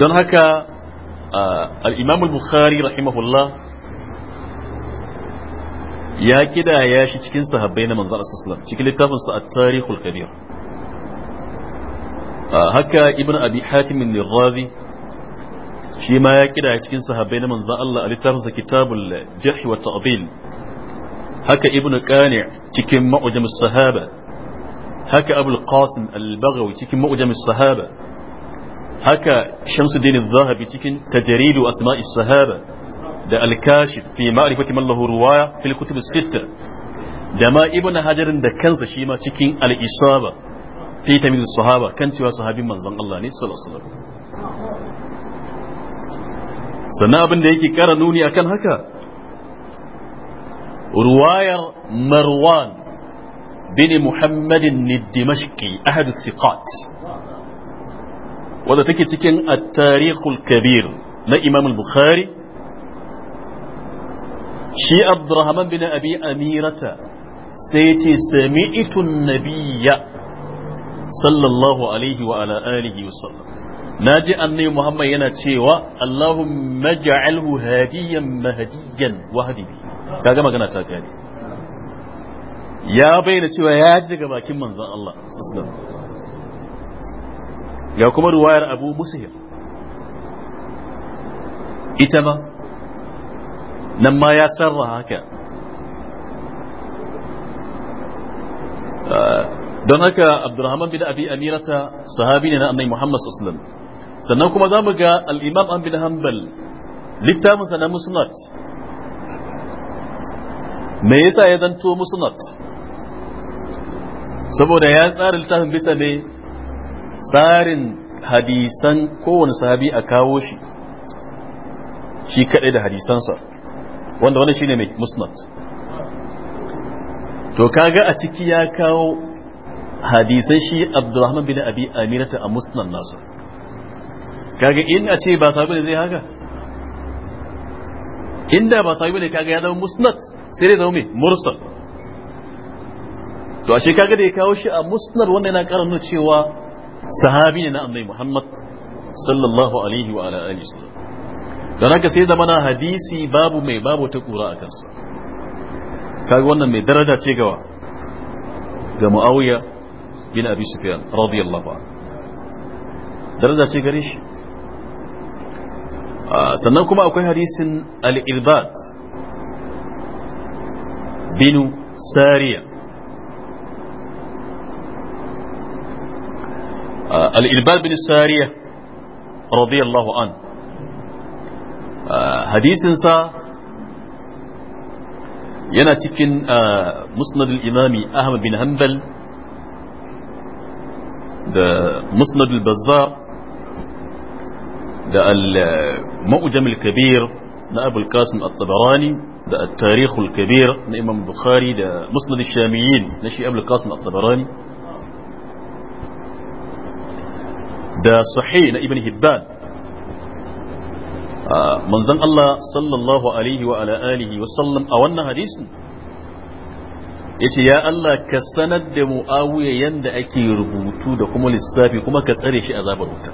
don haka al'imam al-bukhari rahimahullah ya kida ya shi cikin sahabbai na manzan asusulam cikin littafin littafinsa a tarihul kabir haka ibn abi hatimin lirrazi shi ma ya kida ya cikin sahabbai na manzan Allah a littafinsa kitabul jarhi wa ta'dil haka ibn qani cikin ma'ujam sahaba haka abul qasim al-baghawi cikin ma'ujam sahaba haka shamsuddin zahabi cikin tajridu asma'i sahaba da al-kashif fi ma'rifati man lahu ruwaya fil kutub sittah da ma ibn hajar da kansa shi ma cikin al-isaba fi tamyiz sahaba kan cewa sahabin manzon Allah ne sallallahu alaihi wasallam sannan abin da yake kara nuni akan haka ruwayar marwan bin muhammadin dimashqi ahad thiqat wadda take cikin at kabir na imam bukhari shi abdurrahman bin abi amirata sai ya ce sami'tu sallallahu alaihi wa ala alihi wa sallam naji annabi muhammad yana cewa allahumma ja'alhu hadiyan mahdiyan wahdi kaga magana ta kare ya bayyana cewa ya ji daga bakin manzon Allah sallallahu ga kuma ruwayar abu musahir ita ma nan ma ya sarra haka don haka abdurrahman bin abi amirata sahabi ne na annabi muhammad sallallahu sannan kuma za mu ga al'imam an bin hanbal littafinsa na musnad me yasa ya zanto musnad saboda ya tsara littafin bisa ne tsarin hadisan kowane sahabi a kawo shi shi kaɗai da hadisansa wanda wani shine mai musnad to kaga a ciki ya kawo hadisan shi abdurrahman bin abi aminata a musnad nasa kaga in a ce ba sahabi ne zai haka inda ba sahabi ne kaga ya zama musnad sai dai zama mai mursal to ashe kaga da ya kawo shi a musnad wanda yana karanta cewa sahabi ne na annabi Muhammad sallallahu alaihi wa ala alihi wasallam dan haka sai da mana hadisi babu mai babu ta kura a kansa kaga wannan mai daraja ce gawa ga Muawiya bin Abi Sufyan radiyallahu anhu daraja ce gare shi ah, sannan kuma akwai hadisin al-Irbad binu Sariya الإلباب بن السارية رضي الله عنه حديث سا yana cikin musnad imami ahmad bin hanbal da musnad bazzar da al-mu'jam al-kabir na abul qasim at-tabarani da at-tarikh al-kabir na imam bukhari da musnad ash-shamiyin na shi abul qasim at-tabarani da sahih na ibn hibban ah, manzon Allah sallallahu alaihi wa ala alihi wa sallam a wannan hadisin yace ya Allah ka sanar da Muawiya yanda ake rubutu da kuma lissafi kuma ka tsare shi a wuta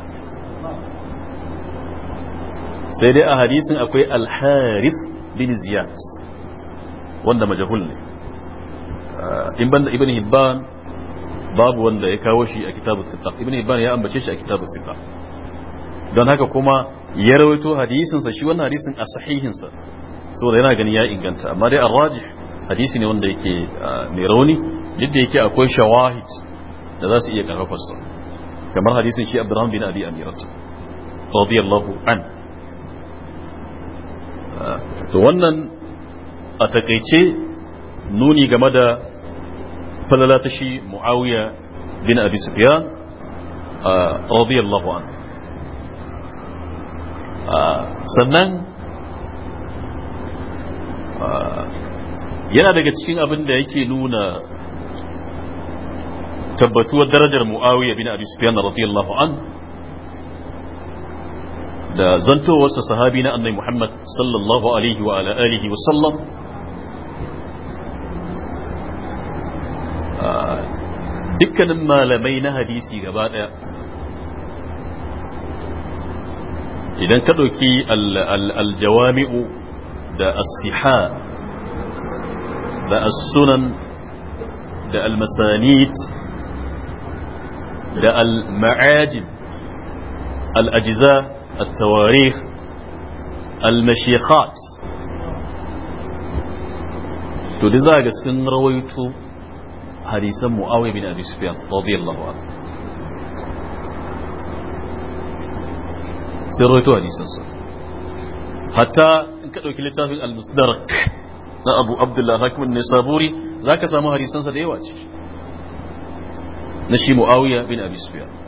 sai dai a hadisin akwai al-harith bin ziyad wanda majahul ne ah, in da ibn hibban babu wanda ya kawo shi a kitabun sita ibn hibban ya ambace shi a kitabun sita don haka kuma ya rawaito hadisinsa shi wannan hadisin a sahihinsa saboda yana gani ya inganta amma dai arrajih hadisi ne wanda yake mai rauni duk da yake akwai shawahid da za su iya karfafa su kamar hadisin shi abdurrahman bin abi amirat radiyallahu an to wannan a takaice nuni game da falala ta shi muawiya bin abi sufyan radiyallahu an sannan yana daga cikin abin da yake nuna tabbatuwar darajar muawiya bin abi sufyan radiyallahu an da zantowarsa sahabi na annai muhammad sallallahu alaihi wa alihi wa sallam dukkanin malamai na hadisi gaba daya idan ka ɗauki aljawami'u da as-siha da as-sunan da al-masanid da al-ma'ajib al-ajiza at-tawarikh al-mashikhat to da za ga sun rawaito حديث معاوية بن أبي سفيان رضي الله عنه سرويته حديثا حتى إن كانوا كلتاه المصدرك لا أبو عبد الله حكم النسابوري ذاك سامو حديثا سديوات نشي معاوية بن أبي سفيان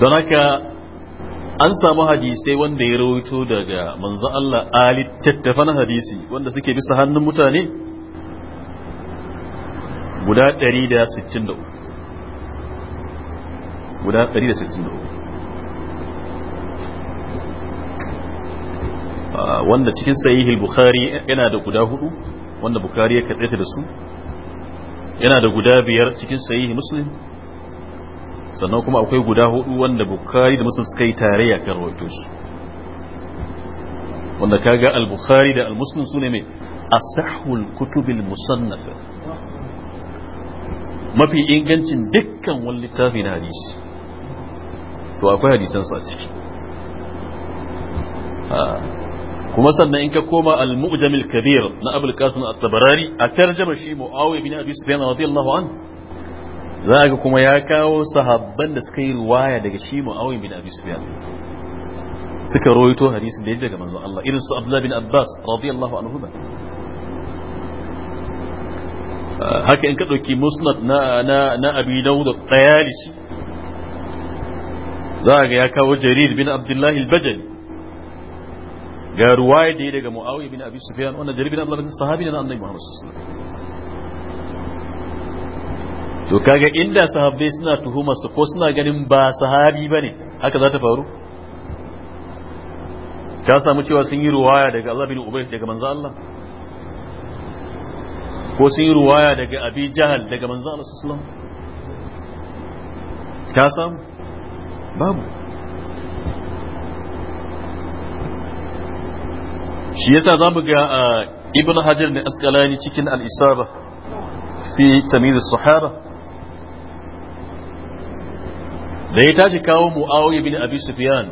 don haka an samu hadisai wanda ya rawaito daga manzo Allah a littattafan hadisi wanda suke bisa hannun mutane guda 163 guda 163 ah, wanda cikin sahihul bukhari yana da guda hudu wanda bukhari ya kaɗaita da su yana da guda biyar cikin sahihul muslim sannan kuma akwai guda hudu wanda bukhari da muslim suka yi tarayya kan rawaito su wanda kaga al-bukhari da al-muslim sune mai asahul kutubil musannafa mafi ingancin dukkan wani littafi na hadisi to akwai hadisan su a ciki kuma sannan in ka koma al-mu'jam al-kabir na Abul Qasim at-Tabarari a tarjama shi Muawiya bin Abi Sufyan radiyallahu anhu za ga kuma ya kawo sahabban da suka yi ruwaya daga shi Muawiya bin Abi Sufyan suka rawaito hadisin da ya daga manzon Allah irin su Abdullahi bin Abbas radiyallahu anhu haka in ka ɗauki musnad na na na abi daud tayalisi za ga ya kawo jarir bin abdullahi al bajal ga ruwaya da daga muawiya bin abi sufyan wannan jarir bin abdullahi sahabi ne na annabi muhammad sallallahu alaihi wasallam to kaga inda sahabbai suna tuhuma su ko suna ganin ba sahabi bane haka za ta faru ka samu cewa sun yi ruwaya daga Allah bin Ubay daga manzo Allah ko sun yi ruwaya daga abi jahal daga manzo Allah sallallahu alaihi ka samu babu shi yasa za mu ga ibn hajar ne askalani cikin al-isaba fi tamyiz as-sahaba da ya tashi kawo muawiya bin abi sufyan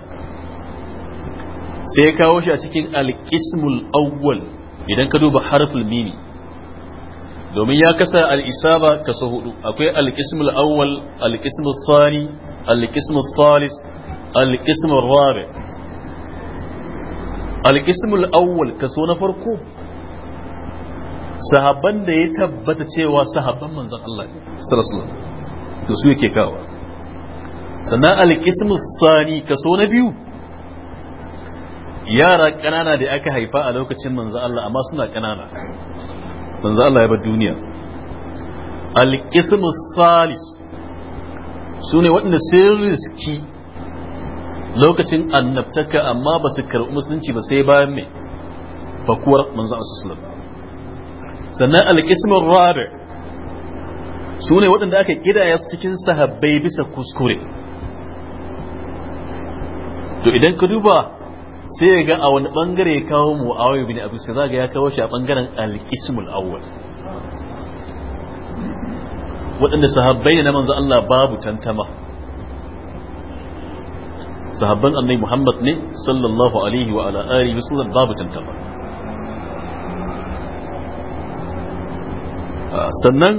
sai ya kawo shi a cikin al-qismul awwal idan ka duba harful mimi domin ya kasa al-isaba kaso hudu akwai al-qism al-awwal al-qism al-thani al-qism al-thalith al-qism awwal kaso na farko sahabban da ya tabbata cewa sahabban manzon Allah sallallahu alaihi wasallam to su yake kawa sannan al-qism thani kaso na biyu yara ƙanana da aka haifa a lokacin manzon Allah amma suna ƙanana. manzo Allah ya bar duniya al-qismu salis sune waɗanda sun riski lokacin annabtaka amma ba su karɓi musulunci ba sai bayan mai fakuwar manzo sallallahu sannan al-qismu rabi sune waɗanda aka kidaya su cikin sahabbai bisa kuskure to idan ka duba sai ya ga a wani bangare ya kawo mu a wayo bin abu za ga ya kawo shi a bangaren alkismul awwal waɗanda sahabbai ne na manzo Allah babu tantama sahabban annabi Muhammad ne sallallahu alaihi wa ala alihi wa sallam babu tantama ah, sannan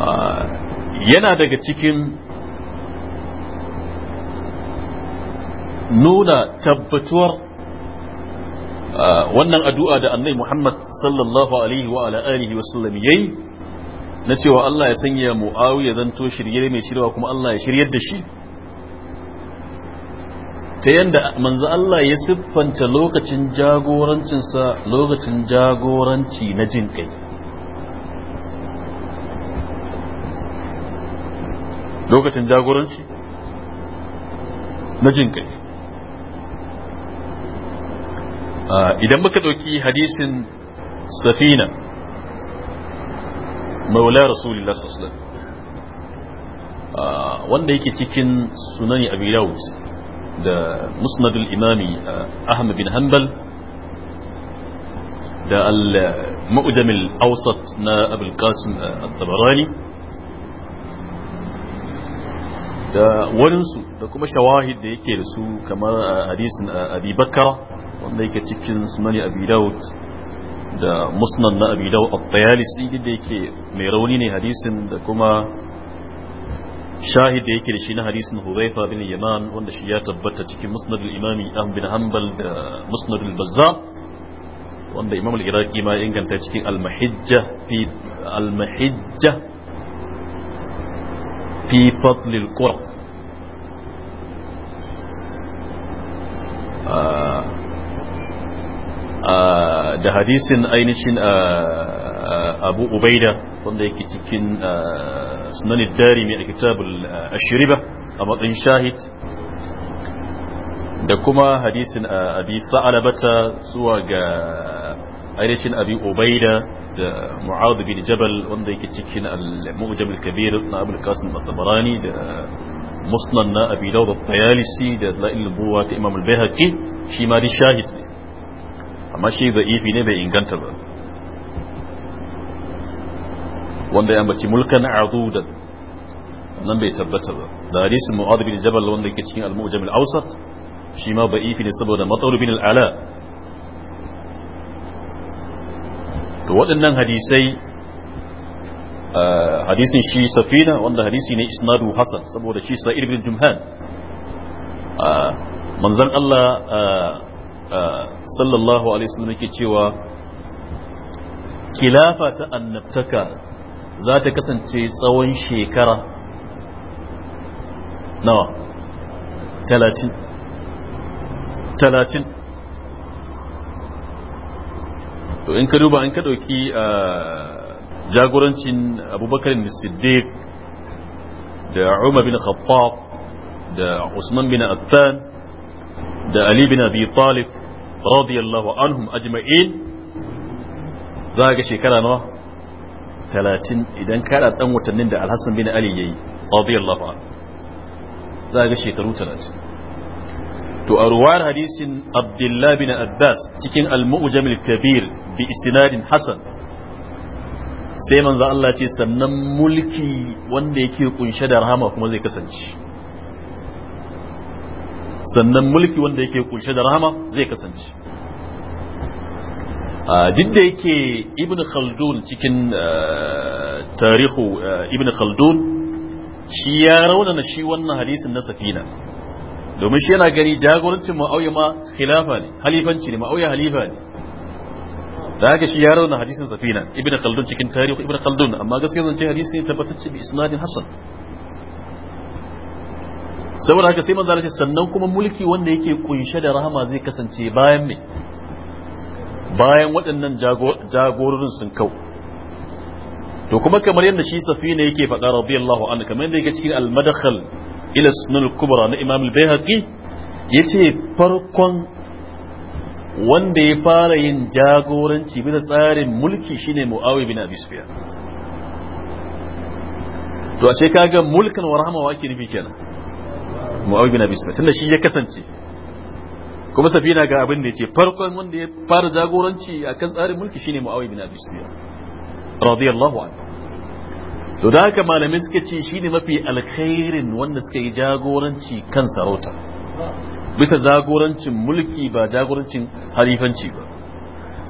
ah, yana daga cikin nuna tabbatuwar wannan addu'a da annai Muhammad sallallahu alaihi wa ala alihi wa sallam yayi na cewa Allah ya sanya Muawiya zanto shirye mai shirwa kuma Allah ya shiryar da shi ta yadda manzo Allah ya siffanta lokacin jagorancinsa lokacin jagoranci na jin kai lokacin jagoranci na jin kai idan muka ɗauki hadisin safina maula rasulullah sallallahu alaihi wanda yake cikin sunani abi yawus da musnadul imami ahmad bin hanbal da al-mu'jam al-awsat na abul qasim al tabarani da waninsu da kuma shawahid da yake da su kamar hadisin abi bakara wanda yake cikin sunani abi daud da musnad na abi daud at-tayalisi da yake mai rauni ne hadisin da kuma shahid da yake da shi na hadisin Hudhaifa bin Yaman wanda shi ya tabbata cikin Musnad al-Imam Ahmad bin Hanbal da Musnad al-Bazzar wanda Imam al-Iraqi ma inganta cikin al-Mahijja fi al-Mahijja fi fadl al-Qur'an ah, da hadisin ainihin abu ubaida wanda yake cikin sunanin darimi a kitabul ashiriba a matsayin shahid da kuma hadisin abi sa'alabata zuwa ga ainihin abi ubaida da mu'adh bin jabal wanda yake cikin al-mu'jam al-kabir na abul qasim at-tabarani da musnad na abi dawud at-tayalisi da la'il buwa ta imam al-bayhaqi shi ma di shahid amma shi za'ifi ne bai inganta ba wanda ya mace mulkan adudan nan bai tabbata ba da hadisin mu'ad bin jabal wanda yake cikin al-mu'jam al-awsat shi ma da'ifi ne saboda matsar bin al-ala to waɗannan hadisai hadisin shi safina wanda hadisi ne isnadu hasan saboda shi sa'ir bin jumhan manzon Allah sallallahu alaihi wasallam yake cewa kilafa ta annabtaka za ta kasance tsawon shekara nawa talatin talatin to in ka duba in ka ɗauki jagorancin abubakar siddiq da umar bin khattab da usman bin affan da ali bin abi talib radiyallahu anhum ajma'in za ga shekara nawa talatin idan kada dan watannin da alhassan bin ali yayi radiyallahu anhu za ga shekaru talatin to a ruwar hadisin abdullahi bin abbas cikin al-mu'jam al-kabir bi istinadin hasan sai manzo Allah ce sannan mulki wanda yake kunshe da rahama kuma zai kasance sannan mulki wanda yake kunshe da rahama zai kasance duk da yake ibn khaldun cikin eh, tarihu eh, ibn khaldun shi ya raunana shi wannan hadisin na safina domin shi yana gani jagorancin ma'auya ma khilafa ne halifanci ne ma'auya halifa ne da haka shi ya raunana hadisin safina ibn khaldun cikin tarihu ibn khaldun amma gaskiya zance hadisi ne tabbatacce bi isnadin hasan saboda haka sai manzo sannan kuma mulki wanda yake kunshe da rahama zai kasance bayan me bayan waɗannan jagororin sun kau to kuma kamar yadda shi safina yake faɗa radiyallahu anhu kamar yadda yake cikin al-madkhal ila sunan kubra na imam al Ya yace farkon wanda ya fara yin jagoranci bisa tsarin mulki shine muawiya bin abi sufyan to ashe kaga mulkan wa rahama wa ake nufi kenan mu'awiya bin tunda shi ya kasance kuma safina ga abin da ya ce farkon wanda ya fara jagoranci kan tsarin mulki shine mu'awiya bin radiyallahu anhu to da haka malamai suka ce shine mafi alkhairin wanda suka yi jagoranci kan sarauta bisa jagorancin mulki ba jagorancin halifanci ba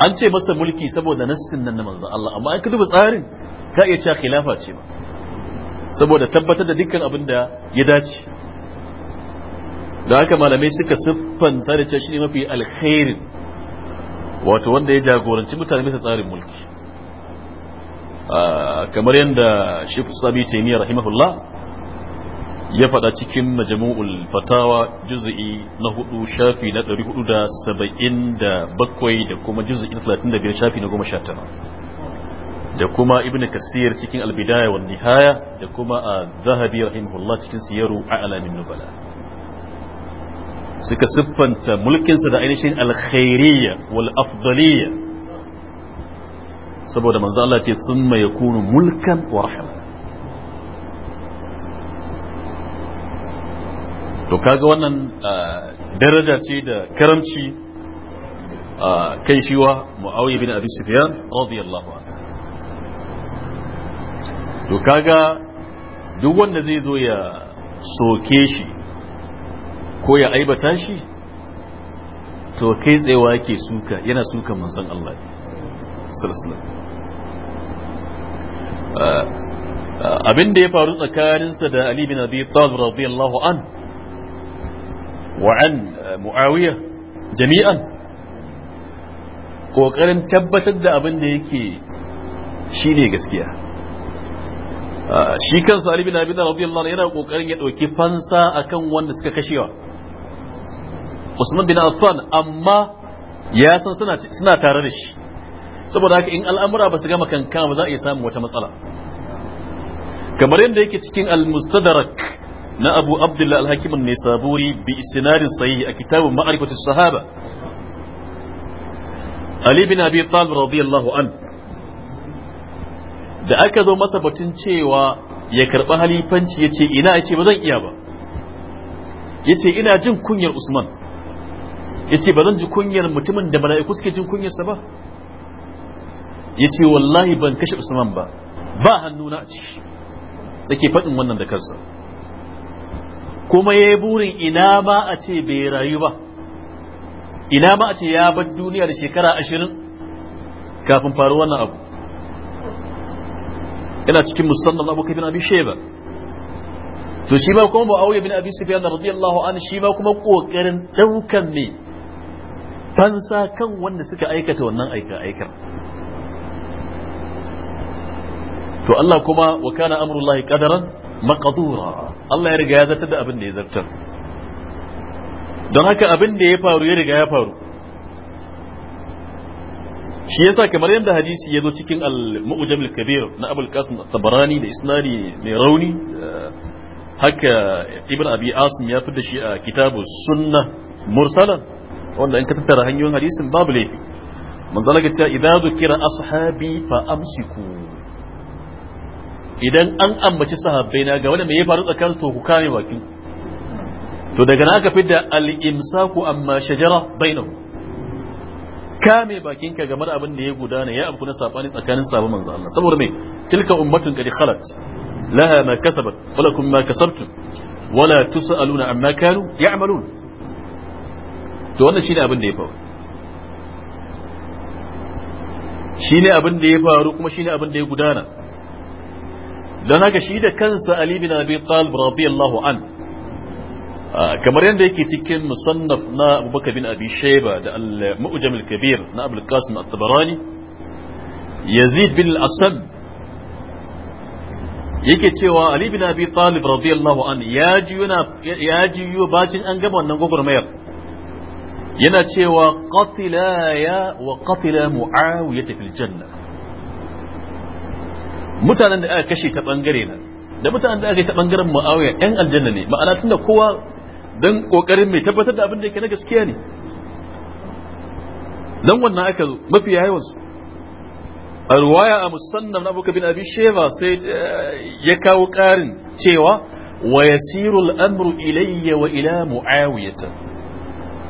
an ce masa mulki saboda nassin nan na manzo Allah amma an ka duba tsarin ka iya cewa khilafa ce ba saboda tabbatar da dukkan abin da ya dace da haka malamai suka siffanta da shi mafi alkhairin wato wanda ya jagoranci mutane bisa tsarin mulki kamar yadda shi sabi taimiyar rahimahullah ya faɗa cikin majamu'ul fatawa juzu'i na hudu shafi na ɗari hudu da saba'in da bakwai da kuma juzu'i na talatin da biyar shafi na goma sha tara da kuma ibn kasir cikin albidaya wa nihaya da kuma a zahabi rahimahullah cikin siyaru a alamin nubala suka siffanta mulkinsa da ainihin alkhairiyya wal afdaliyya saboda manzo Allah ce thumma yakunu mulkan wa rahma to kaga wannan ah, daraja ce da karamci ah, kan shiwa muawiya bin abi sufyan radiyallahu anhu to kaga duk wanda zai zo ya soke shi ko ya aibata shi to kai tsayawa yake suka yana suka manzon Allah sallallahu ah, ah, abin abinda ya faru tsakaninsa da Ali bin Abi Talib radiyallahu an wa an ah, Muawiya jami'an kokarin tabbatar da abin da yake ne gaskiya shi kansa Ali bin Abi Talib radiyallahu yana kokarin ya dauki fansa akan wanda suka kashewa Usman bin Affan amma ya san suna suna tare da shi saboda haka in al'amura ba su gama kanka ba za a iya samun wata matsala kamar yadda yake cikin al-mustadrak na Abu Abdullah al-Hakim an-Nisaburi bi istinadin sahihi a kitabun ma'rifatu sahaba Ali bin Abi Talib radiyallahu an da aka zo masa batun cewa ya karɓi halifanci ya ce ina ya ce ba zan iya ba ya ce ina jin kunyar Usman yace ba zan ji kunyar mutumin da mala'iku suke jin kunyarsa ba yace wallahi ban kashe Usman ba ba hannuna a ciki da ke faɗin wannan da kansa kuma ya yi burin ina ma a ce bai rayu ba ina ma a ce ya bar duniya da shekara ashirin kafin faru wannan abu yana cikin musamman abu kafin abin sheba to shi ma kuma ba mu'awiya bin abi sufyan radiyallahu anhu shi ma kuma kokarin ɗaukan me fansa kan wanda suka aikata wannan aika aikar to Allah kuma wa kana amrullahi qadaran maqdura Allah ya riga ya zartar da abin da ya zartar don haka abin da ya faru ya riga ya faru shi yasa kamar yadda hadisi ya zo cikin al-mu'jam al-kabir na Abul Qasim tabarani da isnadi mai rauni haka Ibn Abi Asim ya fi da shi a kitabu sunna mursalan wanda in ka tattara hanyoyin hadisin babu laifi manzala ga cewa idan zukira ashabi fa amsiku idan an ambaci sahabbai na ga wanda mai ya faru tsakanin to ku kame bakin to daga na aka fidda al-imsaku amma shajara bainahu kame bakinka game da abin da ya gudana ya abu na sabani tsakanin sabon manzo Allah saboda me tilka ummatun qad khalat laha ma kasabat wa lakum ma kasabtum wala tusaluna amma kanu ya'malun to wannan shine abin da ya faru shine abin da ya faru kuma shine abin da ya gudana don haka shi da kansa Ali bin Abi Talib radiyallahu an kamar yadda yake cikin musannaf na Abubakar bin Abi Shayba da al-Mu'jam al-Kabir na Abdul Qasim at-Tabarani Yazid bin al-Asad yake cewa Ali bin Abi Talib radiyallahu an ya ji yana ya ji bacin an gaba wannan gwagwarmayar yana cewa ya wa qatila muawiyata fil janna mutanen da aka kashe ta bangare nan da mutanen da aka yi ta bangaren muawiya yan aljanna ne ma'ana tunda kowa dan kokarin mai tabbatar da abin da yake na gaskiya ne dan wannan aka zo mafi yawan su a ruwaya a musannam na abuka bin abi sheva sai ya kawo karin cewa wa yasirul amru ilayya wa ila muawiyata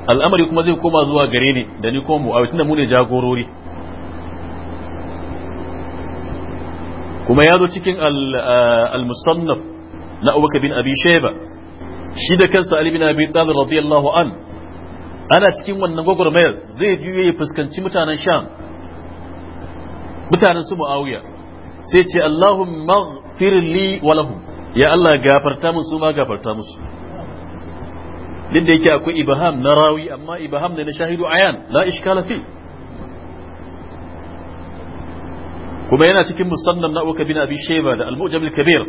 al'amari kuma zai koma zuwa gare ni da ni kuma mu'awiya tunda mu ne jagorori kuma ya zo cikin uh, al-musannaf na Abubakar bin Abi Shayba shi da kansa Ali bin Abi Talib radiyallahu an ana cikin wannan gwagwarmayar zai juye ya fuskanci mutanen Sham mutanen su Muawiya sai ce Allahumma ighfir li wa lahum ya Allah gafarta musu ma gafarta musu duk da yake akwai ibham na rawi amma ibham ne na shahidu ayan la ishkala fi kuma yana cikin musannam na uka bin abi sheba da al-mu'jam al-kabir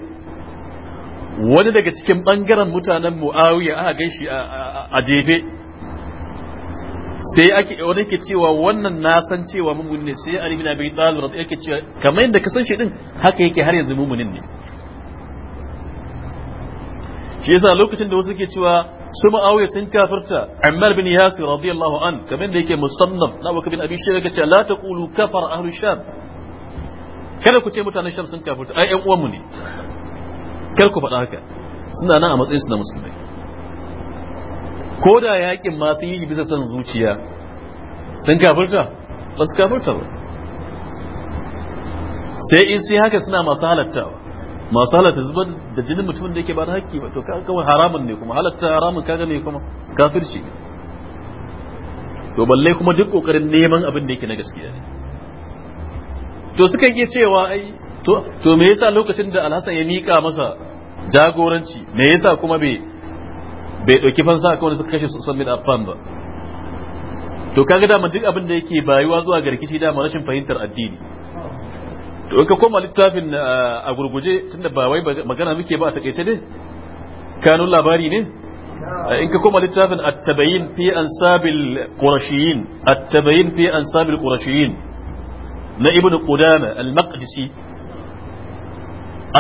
wani daga cikin bangaren mutanen muawiya aka gaishi a jefe sai ake wani yake cewa wannan na san cewa mumun ne sai ali bin abi talib radiyallahu yake cewa kamar yadda ka san shi din haka yake har yanzu mumunin ne shi yasa lokacin da wasu ke cewa su ma'awiya sun kafirta ammar bin yasir radiyallahu an kamar da yake musamman na baka bin abi shirka ce la taqulu kafar ahlu sham kada ku ce mutanen sham sun kafirta ai ƴan uwanmu ne kar ku faɗa haka suna nan a matsayin su na musulmai ko da yaƙin ma sun yi bisa son zuciya sun kafirta ba su kafirta ba sai in sai haka suna masu halattawa masu halatta zubar da jinin mutumin da yake ba da haƙƙi ba to kawai haramun ne kuma halatta haramun kaga ne kuma kafirci to balle kuma duk kokarin neman abin da yake na gaskiya ne to suka iya cewa ai to to me yasa lokacin da Alhassan ya mika masa jagoranci me yasa kuma bai bai dauki fansa akan wani suka kashe Usman min afan ba to kaga dama duk abin da yake bayuwa zuwa garkishi da dama rashin fahimtar addini to in ka koma littafin uh, a gurguje tunda ba wai magana muke ba a takaice ne kanun labari ne in ka koma littafin at-tabayin fi ansabil qurashiyin at-tabayin fi ansabil qurashiyin na ibnu qudama al-maqdisi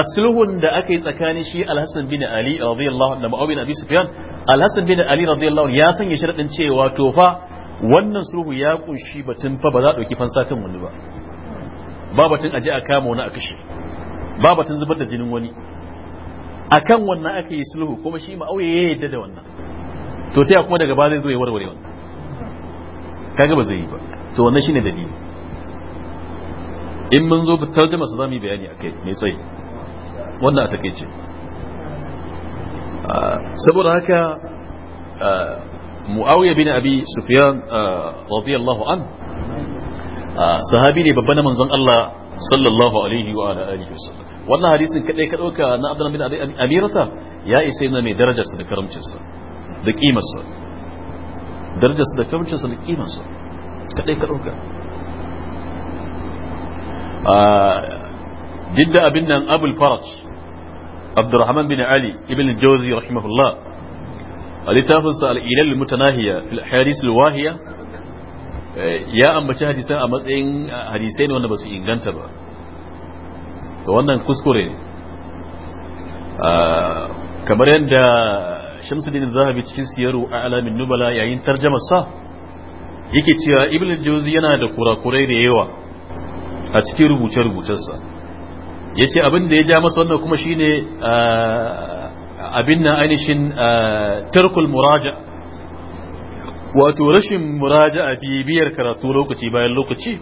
asluhun da aka yi tsakanin shi alhassan bin ali radiyallahu da ma'awin abi sufyan alhassan bin ali radiyallahu ya sanya sharadin cewa to fa wannan sulhu ya kunshi batun fa ba za a dauki fansa wani ba babatun aje a kama wani a kashe babatun zubar da jinin wani akan wannan aka yi sulhu kuma shi ma'auye ya yadda da wannan to ta kuma daga ba zai zo ya warware wannan kaga ba zai yi ba to wannan shine dalili in mun zo tarjuma su zamu yi bayani akai mai tsayi wannan a takeice ah, saboda haka ah, muawiya bin abi sufyan ah, radiyallahu anhu sahabi ne babban manzon Allah sallallahu alaihi wa alihi wasallam wannan hadisin kadai ka dauka na Abdullah bin Amirata ya isa yana mai darajar sa da karamcin sa da kimar sa darajar sa da karamcin sa da kimar sa kadai ka dauka a didda abin nan Abul Faraj Abdurrahman bin Ali ibn Jawzi rahimahullah alitafus littafinsa al-ilal mutanahiya fil ahadith al-wahiya Eh, ya ambaci hadisan a matsayin hadisai ne wanda ba su inganta ba to wannan kuskure ne ah, kamar yadda shamsuddin zahabi cikin siyaru a alamin nubala yayin tarjamar sa yake cewa ibn Jozi yana da kurakurai da yawa a cikin rubuce-rubucensa ya ce abin da ya ja masa wannan kuma shine ah, abin na ainihin ah, tarkul muraja wato rashin muraja'a bibiyar karatu lokaci bayan lokaci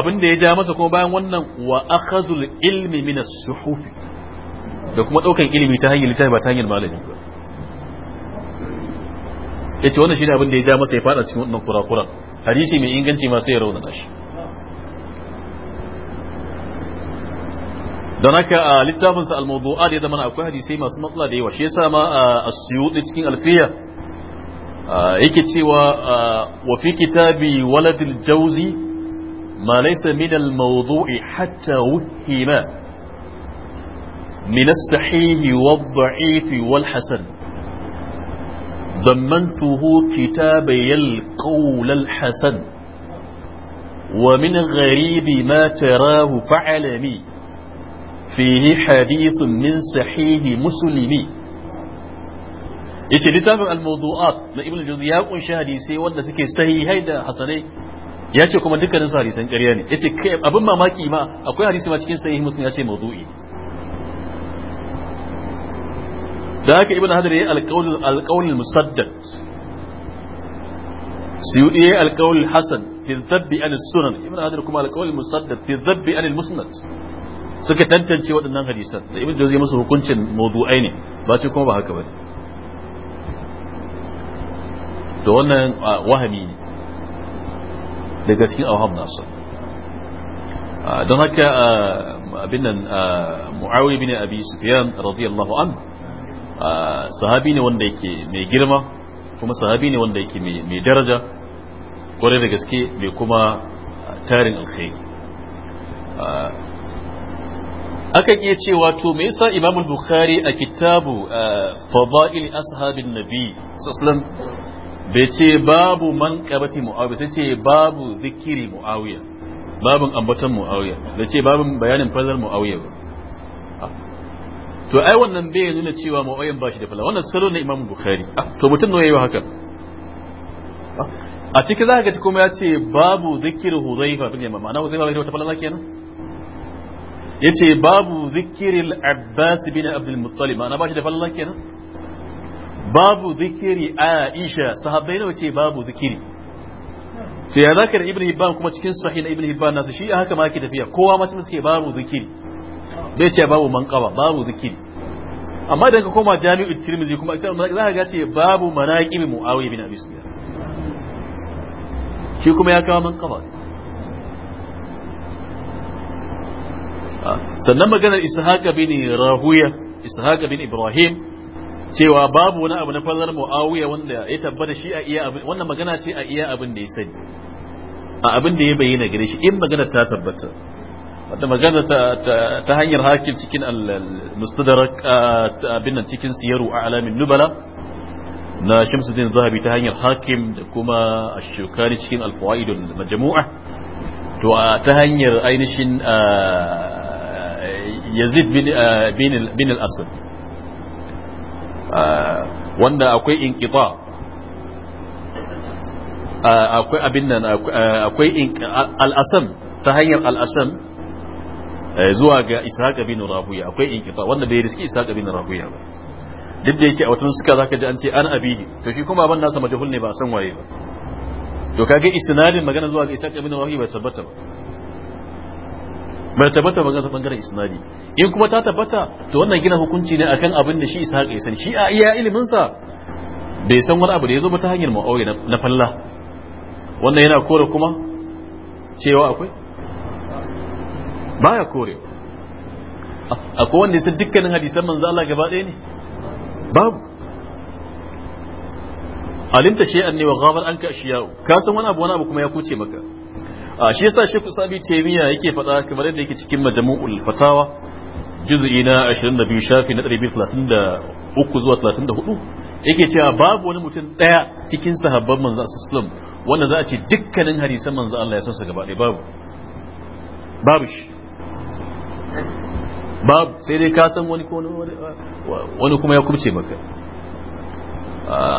abin da ya ja masa kuma bayan wannan wa akhazul ilmi min as-suhuf da kuma daukan ilimi ta hanyar littafi ba ta hanyar malami ba yace wannan shine abin da ya ja masa ya fada cikin wannan kurakuran hadisi mai inganci ma sai ya raunana shi don haka a littafinsa al-mawdu'at ya zama akwai hadisai masu matsala da yawa shi yasa ma a asyuti cikin alfiya yake cewa wa fi kitabi waladil jauzi ma laysa min al mawdu'i hatta wuhima min as-sahih wad da'if wal hasan ضمنته كتابي القول الحسن ومن gharib ma tarahu fa'alami fihi حديث min sahih muslimi yace littafin al-mawdu'at na ibnu juz ya kunshi hadisi wanda suke sahihai da hasanai ya ce kuma dukkanin su hadisan ƙarya ne yace kai abin mamaki ma akwai hadisi ma cikin sahih muslim ya ce mawdu'i da haka ibnu hadar ya alqaul alqaul musaddad suyudi ya alqaul hasan fi dhabbi an sunan ibnu hadar kuma alqaul musaddad fi dhabbi an musnad suka tantance waɗannan hadisan da ibnu juz musu hukuncin mawdu'ai ne ba ce kuma ba haka ba to wannan wahami ne daga cikin auham nasu don haka abin nan mu'awi bin abi sufyan radiyallahu an sahabi ne wanda yake mai girma kuma sahabi ne wanda yake mai daraja kwarai da gaske mai kuma tarin alkhairi akan iya cewa to me yasa imamul Bukhari a kitabu Fadail Ashabin Nabi sallallahu bai ce babu man kabati muawiya sai ce babu zikiri muawiya babun ambaton muawiya bai ce babun bayanin fazar muawiya ba to ai wannan bai nuna cewa muawiya ba shi da fala wannan salo na imam bukhari ah, to mutum ne yayi haka ah, a cikin za ka ci kuma ya ce babu zikirin huzaifa bin yamma ma'ana huzaifa bai da wata falala kenan ya ce babu zikirin abbas bin abdul muttalib ma'ana ba shi da falala kenan babu zikiri aisha sahabbai nawa ce babu zikiri to ya zaka da ibn hibban kuma cikin sahih na ibn hibban nasu shi haka ma ke tafiya kowa ma cikin suke babu zikiri bai ce babu manqaba babu zikiri amma idan ka koma jami'u tirmizi kuma ita za ka ga ce babu manaqib muawiya bin abi sufyan shi kuma ya kawo manqaba ah, sannan maganar ishaqa bin rahuya ishaqa bin ibrahim cewa babu wani abu na falalar muawiya wanda ya tabbata shi a iya abin wannan magana ce a iya abin da ya sani a abin da ya bayyana gare shi in magana ta tabbata wata magana ta hanyar hakim cikin al-mustadrak abin nan cikin siyaru a alamin nubala na shamsuddin zahabi ta hanyar hakim da kuma shukani cikin al-fawaidul majmu'a to ta hanyar ainihin yazid bin al-asad wanda akwai inqita akwai abin nan akwai al'asam ta hanyar al'asam zuwa ga ishaq bin rahuya akwai inqita wanda bai riski ishaq bin rahuya ba duk da yake a watan suka zaka ji an ce an abihi to shi kuma ban nasa majhul ne ba san waye ba to kage isnadin magana zuwa ga ishaq bin rahuya ba tabbata ba bai tabbata ba ga bangaren isnadi in kuma ta tabbata to wannan gina hukunci ne akan abin da shi ishaq ya san shi a iya ilimin sa bai san wani abu da yazo ba ta hanyar mu'awiya na falla wannan yana kore kuma cewa akwai baya kore akwai wanda ya san dukkanin hadisan manzo Allah gaba ɗaya ne babu alimta shay'an ne wa ghabar anka ashiya ka san wani abu wani abu kuma ya kuce maka shi yasa shi ku sabi taimiya yake faɗa kamar yadda yake cikin majmu'ul fatawa juz'i na 22 shafi na 33 zuwa 34 yake cewa babu wani mutum daya cikin sahabban manzo sallallahu wanda za a ce dukkanin hadisan manzo Allah ya san sa gaba ɗaya babu babu shi babu sai dai ka san wani ko wani kuma ya kubce maka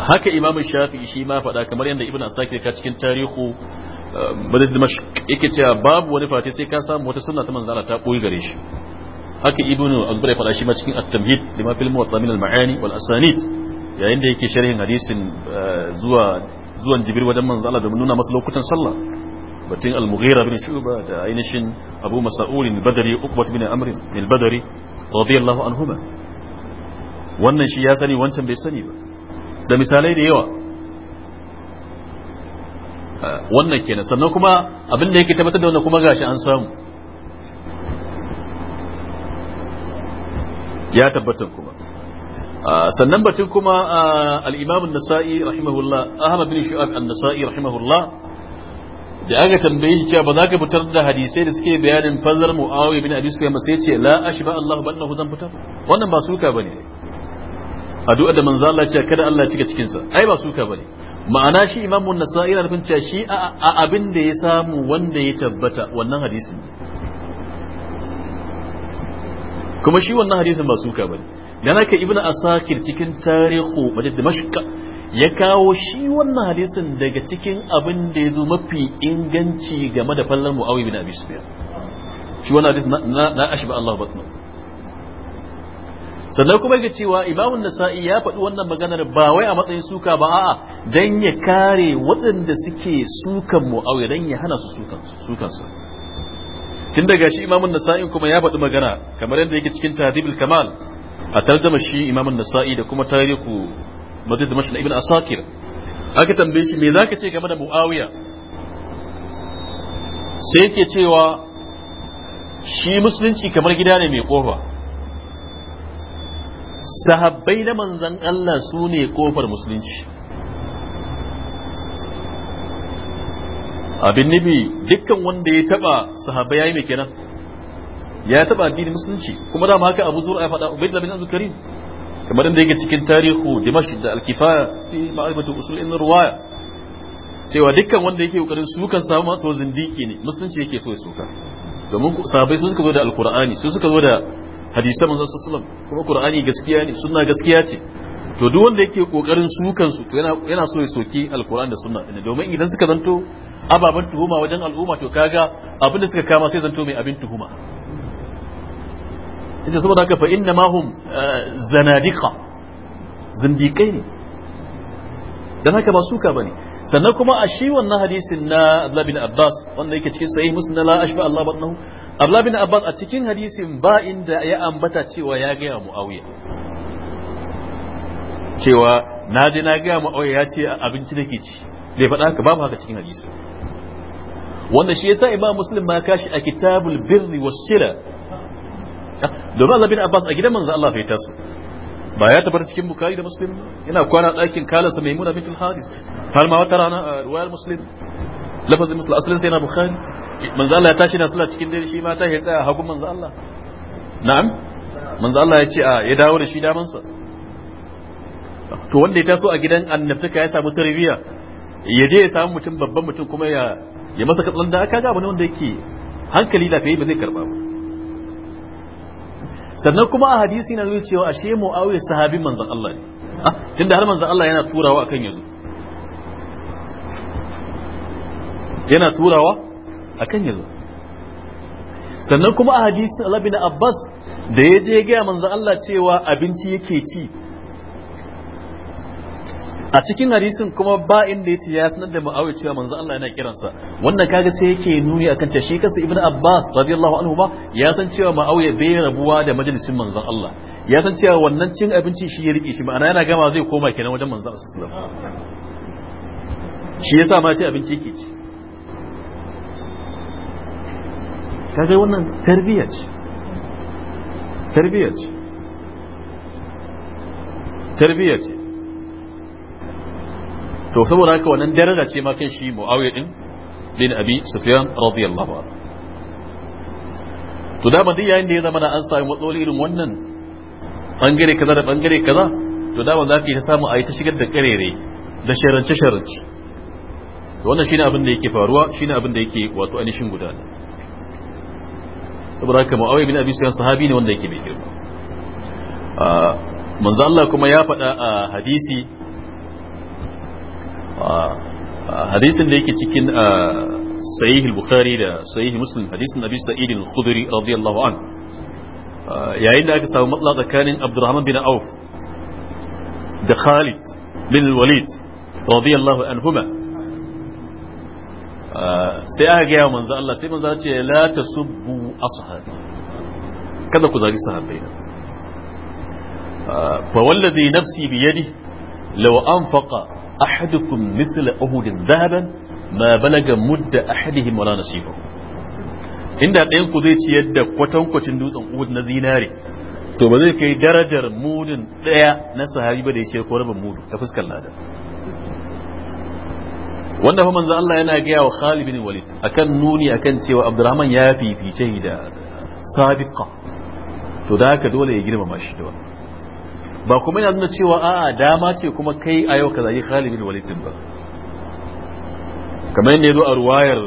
haka imamu Shafi shi ma faɗa kamar yadda Ibnu asakir ka cikin tarihu madrid dimashq yake cewa babu wani face sai ka samu wata sunna ta manzala ta boye gare shi haka ibnu al-bari fada shi ma cikin at-tamhid lima fil muwatta min al-ma'ani wal asanid yayin da yake sharhin hadisin eh, zuwa zuwan jibril wajen manzala domin nuna masa lokutan sallah batun al-mughira bin shuba da ainihin abu mas'ud al-badri uqbat bin amr al-badri radiyallahu anhuma wannan shi ya sani wancan bai sani ba da misalai da yawa wannan kenan sannan kuma abin da yake tabbatar da wannan kuma gashi an samu ya tabbatar kuma sannan batun kuma al-imam an-nasa'i rahimahullah ahmad bin shu'ab al nasai rahimahullah da aka tambaye shi cewa ba za ka fitar da hadisai da suke bayanin fazar muawiya bin abin sufyan sai ce la ashba Allah ban nahu zan fitar wannan ba suka ne? addu'a da manzo Allah ce kada Allah ya cika cikin sa ai ba suka bane ma'ana shi imamun nasa'i na nufin cewa shi a abin da ya samu wanda ya tabbata wannan hadisin kuma shi wannan hadisin ba suka bane dan haka ibn asakir cikin tarihu madad damashq ya kawo shi wannan hadisin daga cikin abin da ya zo mafi inganci game da fallan muawiya bin abi sufyan shi wannan hadisin na ashba Allah batna sannan kuma ga cewa imamun nasa'i ya faɗi wannan maganar ba wai a matsayin suka ba a'a dan ya kare waɗanda suke sukan mu'awiya dan ya hana su sukan su tun daga shi imamun nasa'i kuma ya faɗi magana kamar yadda yake cikin tahdibul kamal a tarjama shi imamun nasa'i da kuma Tariku madrid mashin ibn asakir aka tambaye shi me ka ce game da mu'awiya sai yake cewa shi musulunci kamar gida ne mai kofa sahabbai na manzan Allah su ne kofar musulunci abin nibi dukkan wanda ya taba sahabbai yayi mai kenan ya taba addinin musulunci kuma da haka Abu Zur'a ya faɗa Ubayd bin Abdul Karim kamar inda yake cikin tarihu Dimashq da Al-Kifaya fi ma'rifatu usul in ruwaya cewa dukkan wanda yake kokarin sukan samu to zindiki ne musulunci yake so ya suka domin sahabbai su suka zo da alkur'ani su suka zo da hadisan manzon sallallahu alaihi kuma qur'ani gaskiya ne sunna gaskiya ce to duk wanda yake kokarin su kansu to yana yana so ya soki alqur'ani da sunna din domin idan suka zanto ababan tuhuma wajen al'umma to kaga abinda suka kama sai zanto mai abin tuhuma yace saboda haka fa inna ma hum eh, zanadiqa zindiqai ne dan haka ba suka bane sannan kuma a shi wannan hadisin na Abdullah bin Abbas wanda yake cikin sahih Muslim la ashba Allah batnahu Abdullah bin Abbas a cikin hadisin ba inda ya ambata cewa ya gaya Muawiya cewa na je na gaya Muawiya ya ce abinci da ke ci bai faɗa haka babu haka cikin hadisi wanda shi yasa Imam Muslim ma kashi a Kitabul Birri was Sila domin Allah bin Abbas a gidan manzo Allah fa ta ba ya tabbata cikin Bukhari da Muslim yana kwana ɗakin kalansa Maimuna bintul Haris har ma wata rana ruwayar Muslim lafazin Muslim asalin sai na Bukhari manzo Allah ya tashi na sallah cikin dare shi ma tashi ya tsaya hagu manzo Allah na'am manzo Allah ya ce a ya dawo da shi daman sa to wanda ya taso a gidan annabtaka ya samu tarbiyya ya je ya samu mutum babban mutum kuma ya ya masa katsalan da aka ga abu wanda yake hankali kai ba zai karba ba sannan kuma a hadisi na zuwa cewa ashe Muawiya sahabin manzon Allah ne ah, tunda har manzon Allah yana turawa akan yanzu. yana turawa akan yazo sannan kuma a hadisin Allah bin Abbas da ya je ga manzo Allah cewa abinci yake ci a cikin hadisin kuma ba inda yace ya sanar da Muawiya cewa manzo Allah yana kiransa wannan kaga sai yake nuni akan cewa shi kansa ibnu Abbas radiyallahu anhu ma ya san cewa Muawiya bai rabuwa da majalisin manzo Allah ya san cewa wannan cin abinci shi ya rike shi ma'ana yana gama zai koma kenan wajen manzo Allah sallallahu alaihi wasallam shi yasa ma ce abinci yake ci kaga wannan tarbiyya ce tarbiyya ce tarbiyya ce to saboda haka wannan daraja ce ma kai shi muawiya din bin abi sufyan radiyallahu anhu to da ba duk yayin da ya zama na an samu matsaloli irin wannan bangare kaza da bangare kaza to da ba za ka yi ta samu a yi ta shigar da karere da sharance sharance to wannan shine abin da yake faruwa shine abin da yake wato anishin gudana saboda haka mu'awiya bin abi sufyan sahabi ne wanda yake mai girma manzo Allah kuma ya faɗa a hadisi hadisin da yake cikin sahih al-bukhari da sahih muslim hadisin nabi sa'id al-khudri radiyallahu an yayin da aka samu matsala tsakanin abdurrahman bin auf da khalid bin walid radiyallahu anhuma sai aka gaya manzo Allah sai manzo ce la tasubbu ashabi kada ku zagi sahabbai fa wallazi nafsi bi yadi law anfaqa ahadukum mithla uhudin dhahaban ma balaga mudda ahadihim wala nasibahu inda ɗayan ku zai ciyar da kwatankwacin dutsen uhud na zinare to ba zai kai darajar mudun ɗaya na sahabi ba da ya ce ko rabin mudu ta fuskar lada wanda fa manzo Allah yana gaya wa Khalid bin Walid akan nuni akan cewa Abdurrahman ya fifice da sadiqa to da haka dole ya girmama shi da ba kuma yana nuna cewa a'a dama ce kuma kai a yau ka zagi Khalid bin Walid din ba kamar yadda ya zo a ruwayar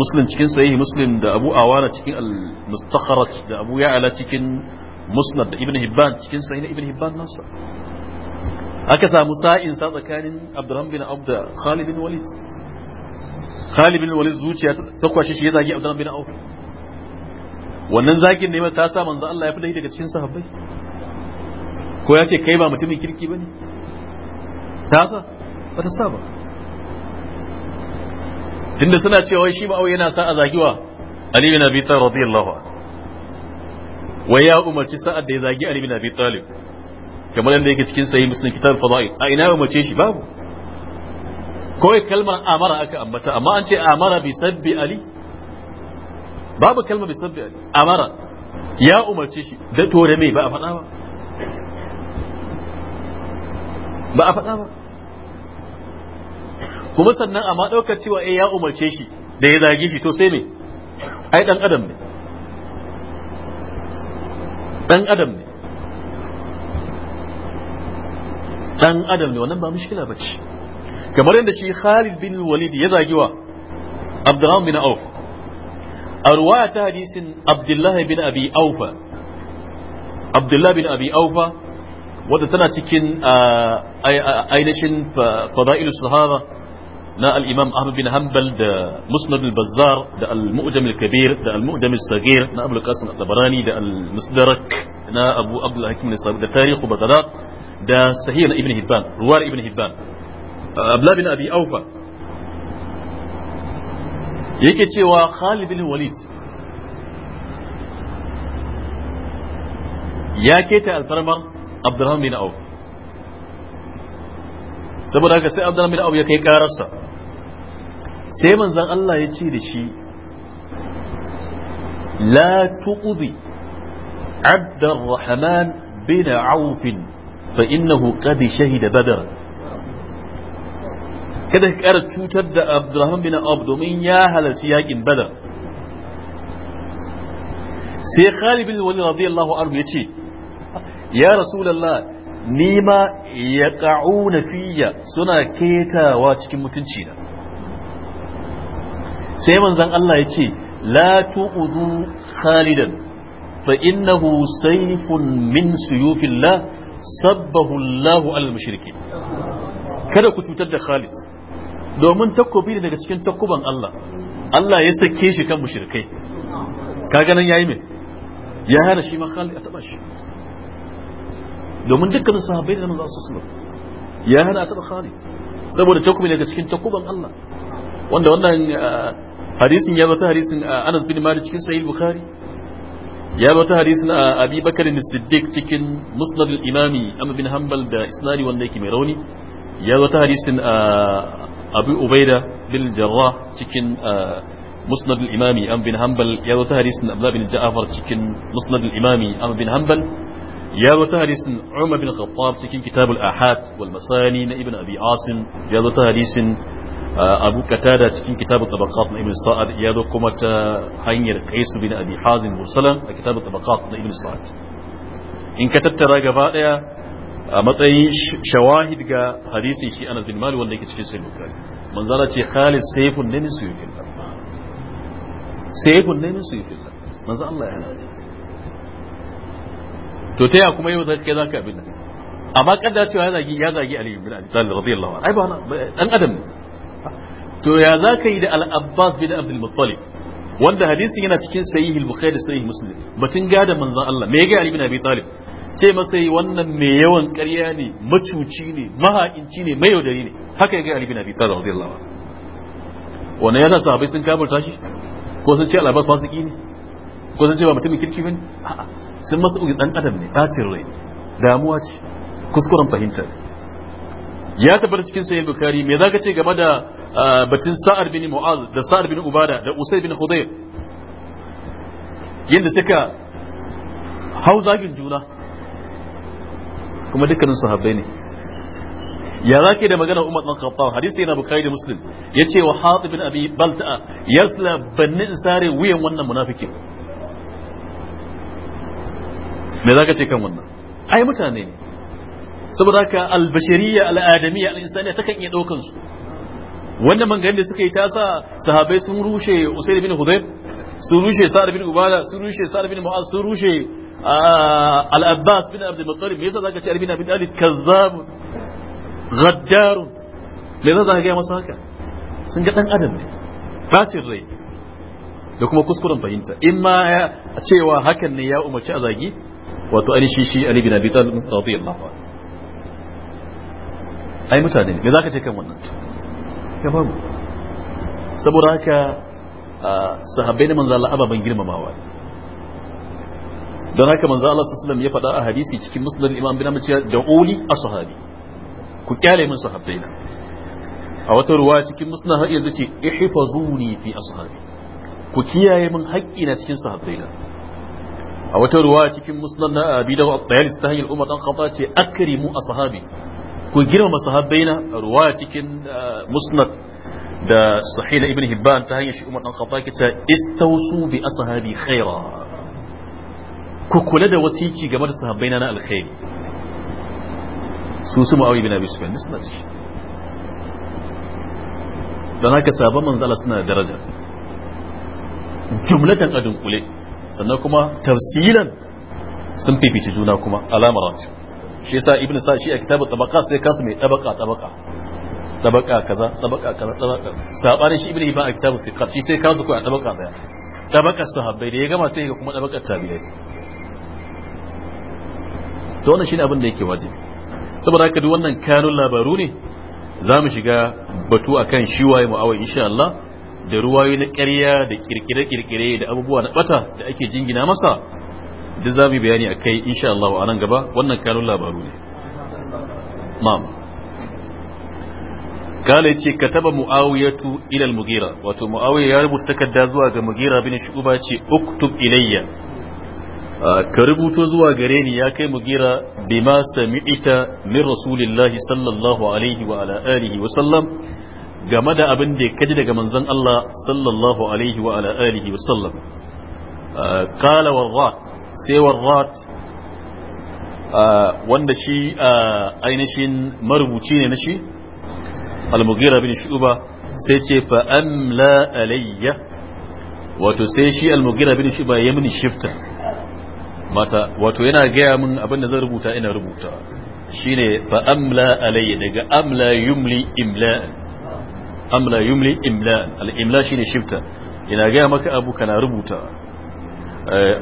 muslim cikin sahihi muslim da abu awana cikin al-mustakharat da abu ya'ala cikin musnad da ibn hibban cikin sahihi ibn hibban nasa aka samu sa'in sa tsakanin Abdullahi bin auf da khalid bin walid khalid bin walid zuciya ta kwashe shi ya zagi abdurrahman bin auf wannan zagin ne ta sa manzo Allah ya fi daga cikin sahabbai ko ya ce kai ba mutumin kirki ba ne? ta sa ba ta sa ba tunda suna cewa shi ma'au yana sa a zagiwa Ali bin Abi Talib radiyallahu anhu wai ya umarci sa'ad da ya zagi Ali bin Abi Talib kamar yadda yake cikin sahih muslim kitab fadail a ina umarce shi babu kawai kalmar amara aka ambata amma an ce amara bi sabbi ali babu kalmar bi sabbi ali amara ya umarce shi da to da me ba a faɗa ba ba a faɗa ba kuma sannan amma ɗaukar cewa eh ya umarce shi da ya zage shi to sai me ai dan adam ne dan adam ne dan adam ne wannan ba mushkila ba ce kamar yadda shi Khalid bin Walid ya zagi wa Abdurrahman bin Auf a ruwaya ta hadisin Abdullahi bin Abi Aufa Abdullahi bin Abi Aufa wadda tana cikin ainihin fada'ilu sahaba na al-Imam Ahmad bin Hanbal da Musnad al-Bazzar da al-Mu'jam al-Kabir da al-Mu'jam al-Saghir na Abdul Qasim al-Tabarani da al-Musdarak na Abu Abdul Hakim al-Sabi da Tarikh Baghdad da sahih na ibn hibban ruwar ibn hibban uh, abla bin abi aufa yake cewa khalid bin walid ya keta alfarmar abdurrahman bin auf saboda haka sai abdurrahman bin auf ya kai kararsa sai manzan Allah ya ce da shi la tuqdi abdurrahman bin auf fa innahu qad shahida badar kada ka ƙara cutar da abdurrahman bin abu domin ya halarci yakin badar sai khalid bin walid radiyallahu anhu yace ya rasulullah nima ƙa'u fiyya suna ketawa cikin mutunci na sai manzan Allah ce la tu'udhu khalidan fa innahu sayfun min suyufillah sabbahu Allahu alal mushriki kada ku cutar da Khalid domin takobi ne daga cikin takuban Allah Allah ya sake shi kan mushrikai kaga nan yayi me ya hana shi ma Khalid a taba shi domin dukkanin sahabbai da manzo sallallahu alaihi ya hana a taba Khalid saboda takobi ne daga cikin takuban Allah wanda wannan ah, hadisin ya zata hadisin ah, Anas bin Malik cikin Sahih Bukhari ya zo ta hadisin a abi bakar siddiq cikin musnad al-imami amma bin hanbal da isnadi wanda yake mai rauni ya zo ta hadisin a uh, abu ubaida bin jarrah cikin uh, musnad al-imami amma bin hanbal ya zo ta hadisin abdullah bin ja'far cikin musnad al-imami amma bin hanbal ya zo ta hadisin umar bin khattab cikin kitab al-ahad wal masani na ibn abi asim ya zo ta hadisin abu katada cikin kitabun tabaqat na ibn sa'ad ya zo kuma ta hanyar qais bin abi hazim mursalan a kitabun tabaqat na ibn sa'ad in ka tattara gaba daya a matsayin shawahid ga hadisin shi anas bin malik wanda yake cikin sahih bukhari manzara ce khalis sayfun ne min suyukin sayfun ne min suyukin manzo Allah ya hana to ta ya kuma yau zaka kai zaka abin nan amma kaddara cewa ya zagi ya zagi ali ibn abi talib radiyallahu anhu ai ba dan adam ne to ya za ka yi da al'abbas abbas bin abdul muttalib wanda hadisin yana cikin sahihul bukhari da sahih muslim batun gada manzon Allah me ya ga ali bin abi talib ce masa wannan mai yawan ƙarya ne macuci ne maha'inci ne mai yaudari ne haka ya ga ali bin abi talib radiyallahu anhu wannan yana sahabbai sun kafirta shi ko sun ce al'abar fasiki ne ko sun ce ba mutumin kirki bane a'a sun masa dan adam ne bacin rai damuwa ce kuskuren fahimta ne ya tabbata cikin sahih bukhari me zaka ce game da ah, batun sa'ad bin mu'az da sa'ad bin ubada da usay bin khudayr yadda suka hau zagin juna kuma dukkanin sahabbai ne ya zake da magana umar dan khattab hadisi na bukhari da muslim yace wa hatib bin abi balta'a yasla banni sare wuyan wannan munafikin me zaka ce kan wannan ai mutane ne saboda haka albashariya al'adamiya al'insaniya ta kan iya ɗaukan su wannan mangan da suka yi ta sa sahabai sun rushe usaid bin hudayr sun rushe sa'ad bin ubada sun rushe sa'ad bin mu'az sun rushe al-abbas bin abdul muttalib me yasa zaka ce albina bin ali kazzab gaddar me yasa zaka ga masa haka sun ga dan adam ne fatin rai da kuma kuskuren fahimta in ma cewa hakan ne ya umarci a zagi wato an shi shi ali bin abi talib radiyallahu anhu ai mutane me za ka ce kan wannan ya babu saboda haka sahabbai na manzo Allah ababen girmamawa don haka manzo Allah sallallahu ya faɗa a hadisi cikin musnad imam bin amciya da uli ashabi ku kyale min sahabbai na a wata ruwa cikin musnad har yanzu ce ihfazuni fi ashabi ku kiyaye min haƙƙi na cikin sahabbai na a wata ruwa cikin musnad na abi da at ta hanyar umar dan khata ce akrimu ashabi ku girmama sahabbaina a ruwaya cikin musnad da sahih na ibn hibban ta hanyar shi umar dan khattab kita istawsu bi ashabi khaira ku kula da wasiki game da sahabbaina na alkhairi su su muawiya bin abi sufyan suna ci dan haka sahabban manzo Allah suna da daraja jumlatan adun kule sannan kuma tafsilan sun fifici juna kuma alamarat shi yasa ibnu sa shi a kitabu tabaka sai kasu mai tabaka tabaka tabaka kaza tabaka kaza tabaka sabanin shi ibnu hibban a kitabu tabaqat shi sai kasu ko a tabaka daya tabaka sahabbai da ya gama sai ga kuma tabaka tabi'ai to wannan shine abin da yake wajibi saboda haka duk wannan kanun labaru ne za mu shiga batu akan shi waye mu'awai insha Allah da ruwayoyi na ƙarya da kirkire-kirkire da abubuwa na bata da ake jingina masa duk za mu bayani a akai insha Allah a nan gaba wannan kanun labaru ne ma'am kala yace kataba muawiyatu ila al-mughira wato muawiya ya rubuta takarda zuwa ga mugira bin shu'ba ce uktub ilayya ka rubuto zuwa gare ni ya kai mugira bima sami'ita min rasulillahi sallallahu alaihi wa ala alihi wa sallam game da abin da kaji daga manzon Allah sallallahu alaihi wa ala alihi wa sallam qala warraq saiwar rat uh, wanda shi uh, ainihin marubuci ne na shi almugira mughira bin shu'ba sai ce fa amla alayya wato sai shi almugira mughira bin shu'ba ya mini shifta mata wato yana gaya min abin da zan rubuta ina rubuta shine fa amla alayya daga amla yumli imla amla yumli imla al-imla shine shifta yana gaya maka abu kana rubuta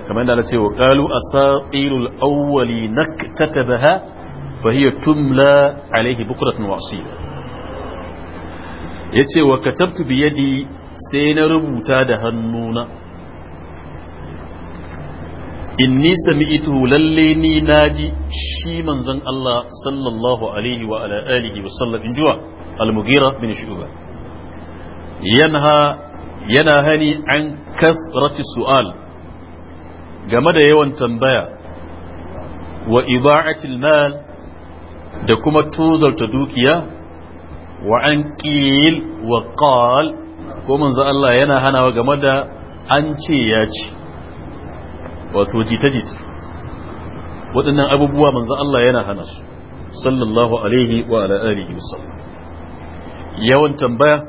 kamar da ce wa ƙalu a sa'irul awwali na katabaha fahiyar tumla alaihi bukuratun wasu ya ce wa katabtu biyadi sai na rubuta da hannuna inni sami'tu lalle ni naji shi manzon Allah sallallahu alaihi wa ala alihi wa sallam injuwa al-mughira bin shu'ba yanha yana hani an kasrati su'al game da yawan tambaya wa iba'atil mal da kuma tozarta dukiya wa an qil wa qal ko manzo Allah yana hanawa game da an ce ya ce wato jita jita waɗannan abubuwa manzo Allah yana hana su sallallahu alaihi wa ala alihi yawan tambaya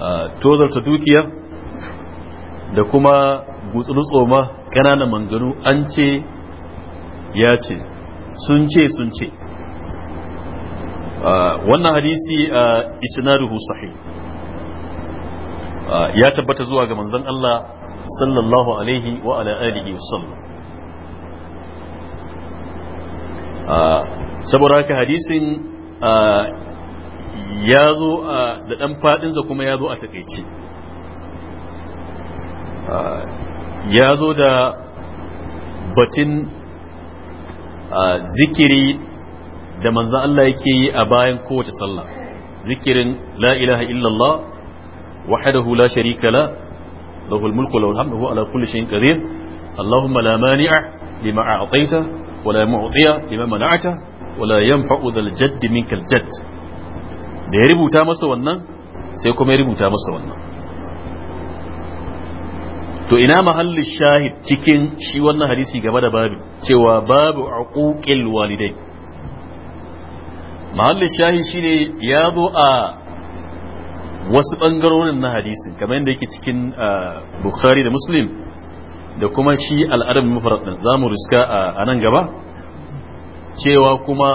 ah, tozarta dukiya da kuma gutsuru tsoma ƙananan mangaru an ce ya ce sun ce sun ce ah, wannan hadisi a ah, isnaduhu sahih ah, ya tabbata zuwa ga manzon Allah sallallahu alaihi wa ala alihi wasallam saboda haka hadisin ya zo da ɗan faɗinsa kuma ya zo a takaice ya zo da batin zikiri da manzan Allah yake yi a bayan kowace sallah zikirin la ilaha illallah wahdahu la sharika la lahu almulku wa lahu alhamdu ala kulli shay'in qadir allahumma la mani'a lima a'tayta wa la mu'tiya lima mana'ta wa la yanfa'u dhal jadd minkal jadd da ya rubuta masa wannan sai kuma ya rubuta masa wannan to ina mahallin shahid cikin shi wannan hadisi gaba da babi cewa babu uquqil walidai mahallin shahid shine ya zo a wasu bangarorin na hadisin kamar yadda yake cikin bukhari da muslim da kuma shi al'adar mafarad za mu riska a nan gaba cewa kuma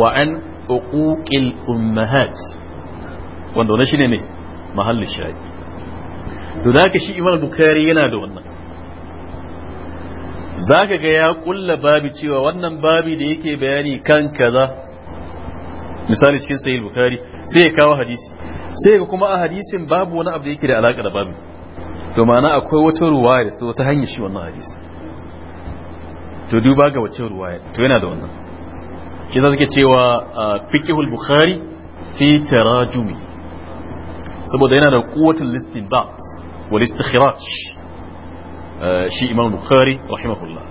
wa an uquqil ummahat wanda wannan shine ne mahallin shahid to da shi imam bukari yana da wannan za ka ga ya kulla babi cewa wannan babi da yake bayani kan kaza misali cikin sahih Bukhari sai ya kawo hadisi sai ga kuma a hadisin babu wani abu da yake da alaka da babu to ma'ana akwai wata ruwaya da wata hanyar shi wannan hadisi to duba ga wacce ruwaya to yana da wannan shi za cewa fiqhul bukhari fi tarajumi saboda yana da quwwatul ba. والاستخراج shi imam bukhari rahimahullah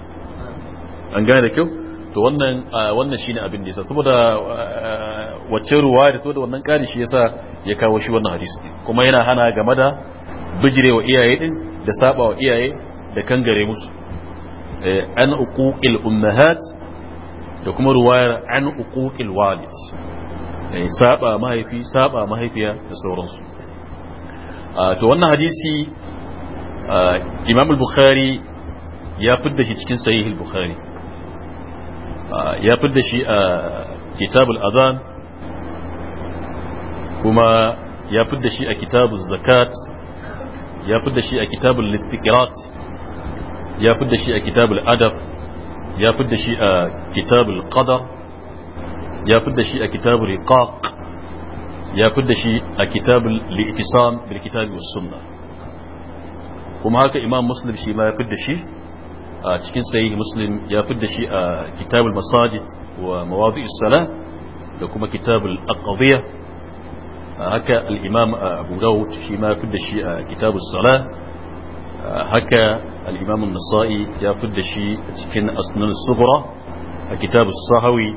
an gane da kyau to wannan wannan shine abin da yasa saboda wacce ruwaya da saboda wannan kari shi yasa ya kawo shi wannan hadisi kuma yana hana game da bijirewa iyaye din da sabawa iyaye da kangare musu an uquqil ummahat da kuma ruwayar an uquqil walid saba mahaifi saba mahaifiya da sauransu to wannan hadisi imam al-bukhari ya fidda shi cikin sahih al-bukhari ya fidda shi a kitab al-adhan kuma ya fidda shi a kitab zakat ya fidda shi a kitab al-istiqrat ya fidda shi a kitab al-adab ya fidda shi a kitab al-qadar ya fidda shi a kitab al riqaq ya kudda shi a kitabul li'tisam bil kitabi was sunna kuma haka imam muslim shi ma ya kudda shi a cikin sahih muslim ya kudda shi a kitabul masajid wa mawadi'us salah da kuma kitabul aqdiya haka al-imam abu dawud shi ma ya kudda shi a kitabus salah haka al-imam an-nasa'i ya kudda shi cikin asnan sughra a kitabus sahawi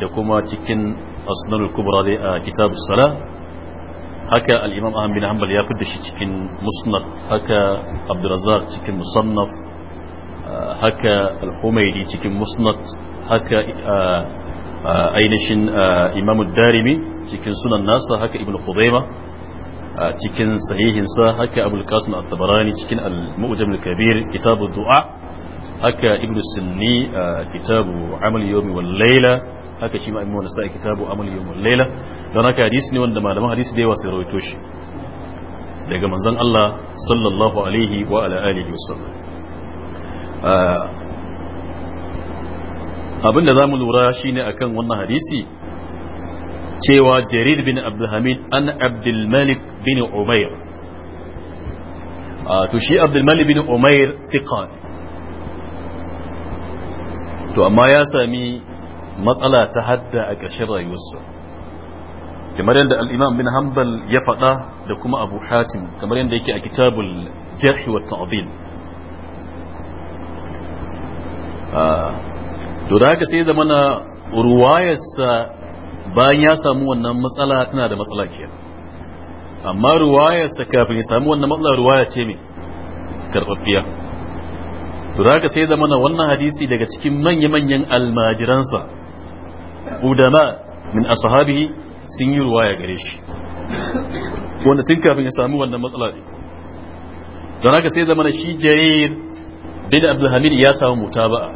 da kuma cikin أصدر الكبرى آه، كتاب الصلاة هكا الإمام أهم بن حنبل ياكد شكين مصنف هكا عبد الرزاق شكين مصنف آه، هكا الحميدي شكين مصنف هكا آه، أينشن إمام الدارمي شكين سنة الناس هكا ابن خضيمة شكين صحيح انسا هكا أبو القاسم الطبراني شكين المؤجم الكبير كتاب الدعاء هكا ابن السني كتاب عمل يوم والليلة haka shi ma imamu sa'a sa'i kitabu amal yawmul laila don haka hadisi ne wanda malaman hadisi da yawa sai rawaito shi daga manzon Allah sallallahu alaihi wa ala alihi wasallam abinda ah, za mu lura shi ne akan wannan hadisi cewa jarir bin abdulhamid an abdulmalik bin umair ah, to shi abdulmalik bin umair fiqa to amma ya sami matsala ta hadda a ƙarshen rayuwarsa kamar yadda al'imam bin hanbal ya faɗa da kuma abu hatim kamar yadda yake a kitabul jarhi wa ta'adil ah, to da haka sai zama na ruwayarsa bayan ya samu wannan matsala tana da matsala ke amma ruwayarsa kafin ya samu wannan matsala ruwaya ce mai karɓaffiya to da haka sai zama na wannan hadisi daga cikin manya-manyan almajiransa udama min ashabihi sun yi ruwaya gare shi wanda tun kafin ya samu wannan matsala ne don haka sai zamana shi jarir bin abdulhamid ya samu mutaba'a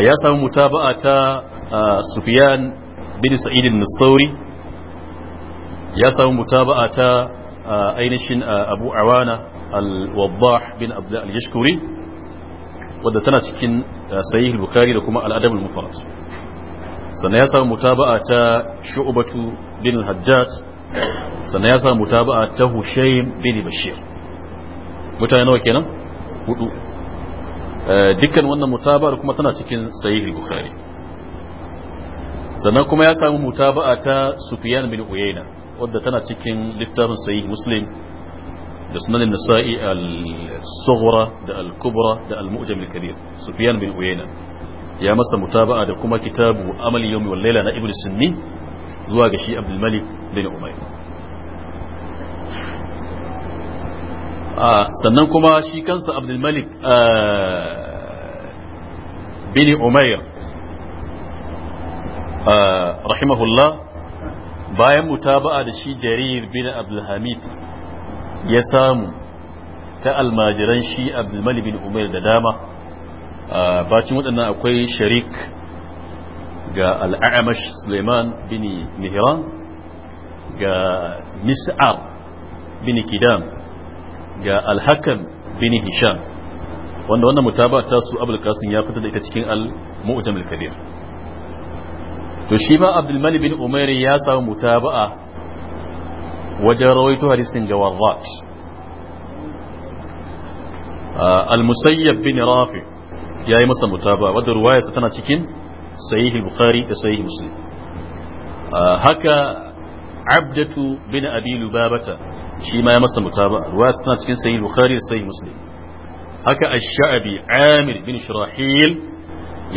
ya samu mutaba'a ta sufyan bin sa'id nasauri ya samu mutaba'a ta ainihin abu awana al-wabbah bin abdul al-yashkuri wadda tana cikin da sahih bukhari da kuma al-adab al sannan ya samu mutaba'a ta shu'batu bin al sannan ya samu mutaba'a ta hushaym bin bashir mutane nawa kenan hudu eh, dukkan wannan mutaba'ar kuma tana cikin sayi bukari sannan kuma ya samu mutaba'a ta sufyan bin uyayna wadda tana cikin littafin sayi muslim لسنان النسائي الصغرى دا الكبرى دا المؤجم الكبير سفيان بن أوينة يا مسا متابعة دا كتاب أمل يوم والليلة نا ابن السنين زواجشي عبد الملك بن أمين آه، سنان كما شي عبد الملك آه، بن أمير آه، رحمه الله bayan متابعة da جرير بن bin abdulhamid ya samu ta almajiran shi abdulmali bin umar da dama bacin waɗannan akwai sharik ga al'amash suleiman bin mihran ga mis'ab bin Kidan, ga alhakan bin hisham wanda wannan mutaba ta su abul ya fita da ita cikin al-mu'tamil kabir to shi ma abdulmali bin umar ya samu mutaba'a wajen rawaito hadisin jawarrat ah, al-musayyab bin rafi ya yi masa mutaba wadda ruwayarsa tana cikin sahihi bukhari da sahihi muslim ah, haka abdatu bin abi lubabata shi ma ya masa mutaba ruwayarsa tana cikin sahihi bukhari da sahihi muslim haka ash-sha'bi bin shirahil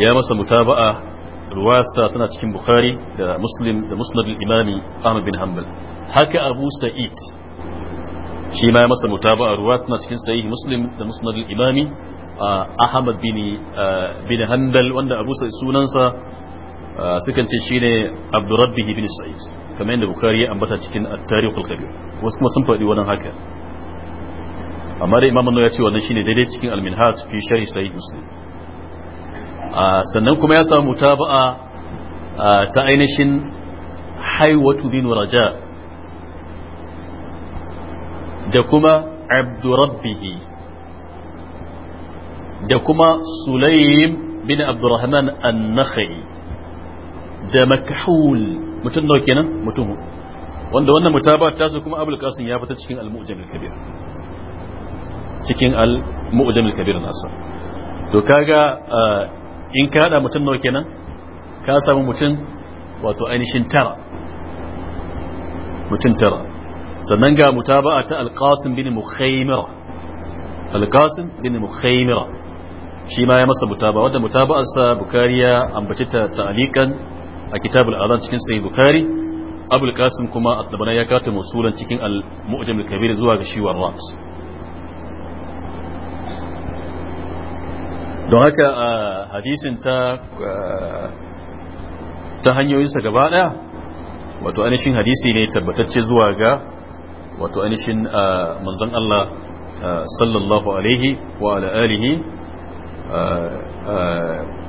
ya masa mutaba'a ruwasa tana cikin bukhari da muslim da musnad imami ahmad bin hanbal haka abu sa'id shi ma ya masa mutaba a ruwa tana cikin sahih muslim da musnad imami ah, ahmad bin ah, bin hanbal wanda abu sa'id sunansa ah, sukan ce shine abdurrabbihi bin sa'id kamar yadda bukhari ya ambata cikin at-tariqul kabir wasu kuma sun faɗi wannan haka amma da imam ya ce wannan shine daidai cikin al-minhaj fi sharh sahih muslim sannan kuma ya samu taba'a ta ainihin haiwatu bin raja da kuma abdurabbihi da kuma sulaim bin abdurrahman an da makahul mutum nawa kenan mutum wanda wannan mutaba ta su kuma abul qasim ya fita cikin al-mu'jam al-kabir cikin al-mu'jam al-kabir nasa to kaga in ka hada mutum nawa kenan ka samu mutum wato ainihin tara mutum tara sannan ga mutaba'a ta alqasim bin mukhaymira alqasim bin mukhaymira shi ma ya masa mutaba wanda sa Bukhari ya ambace ta ta'alikan a kitabul azan cikin sahih Bukhari, abul qasim kuma at-tabana ya kata musulan cikin al-mu'jam al-kabir zuwa ga shi don haka a hadisin ta hanyoyinsa gaba daya wato anishin hadisi ne tabbatacce zuwa ga wato anishin manzan Allah sallallahu alaihi wa ala alihi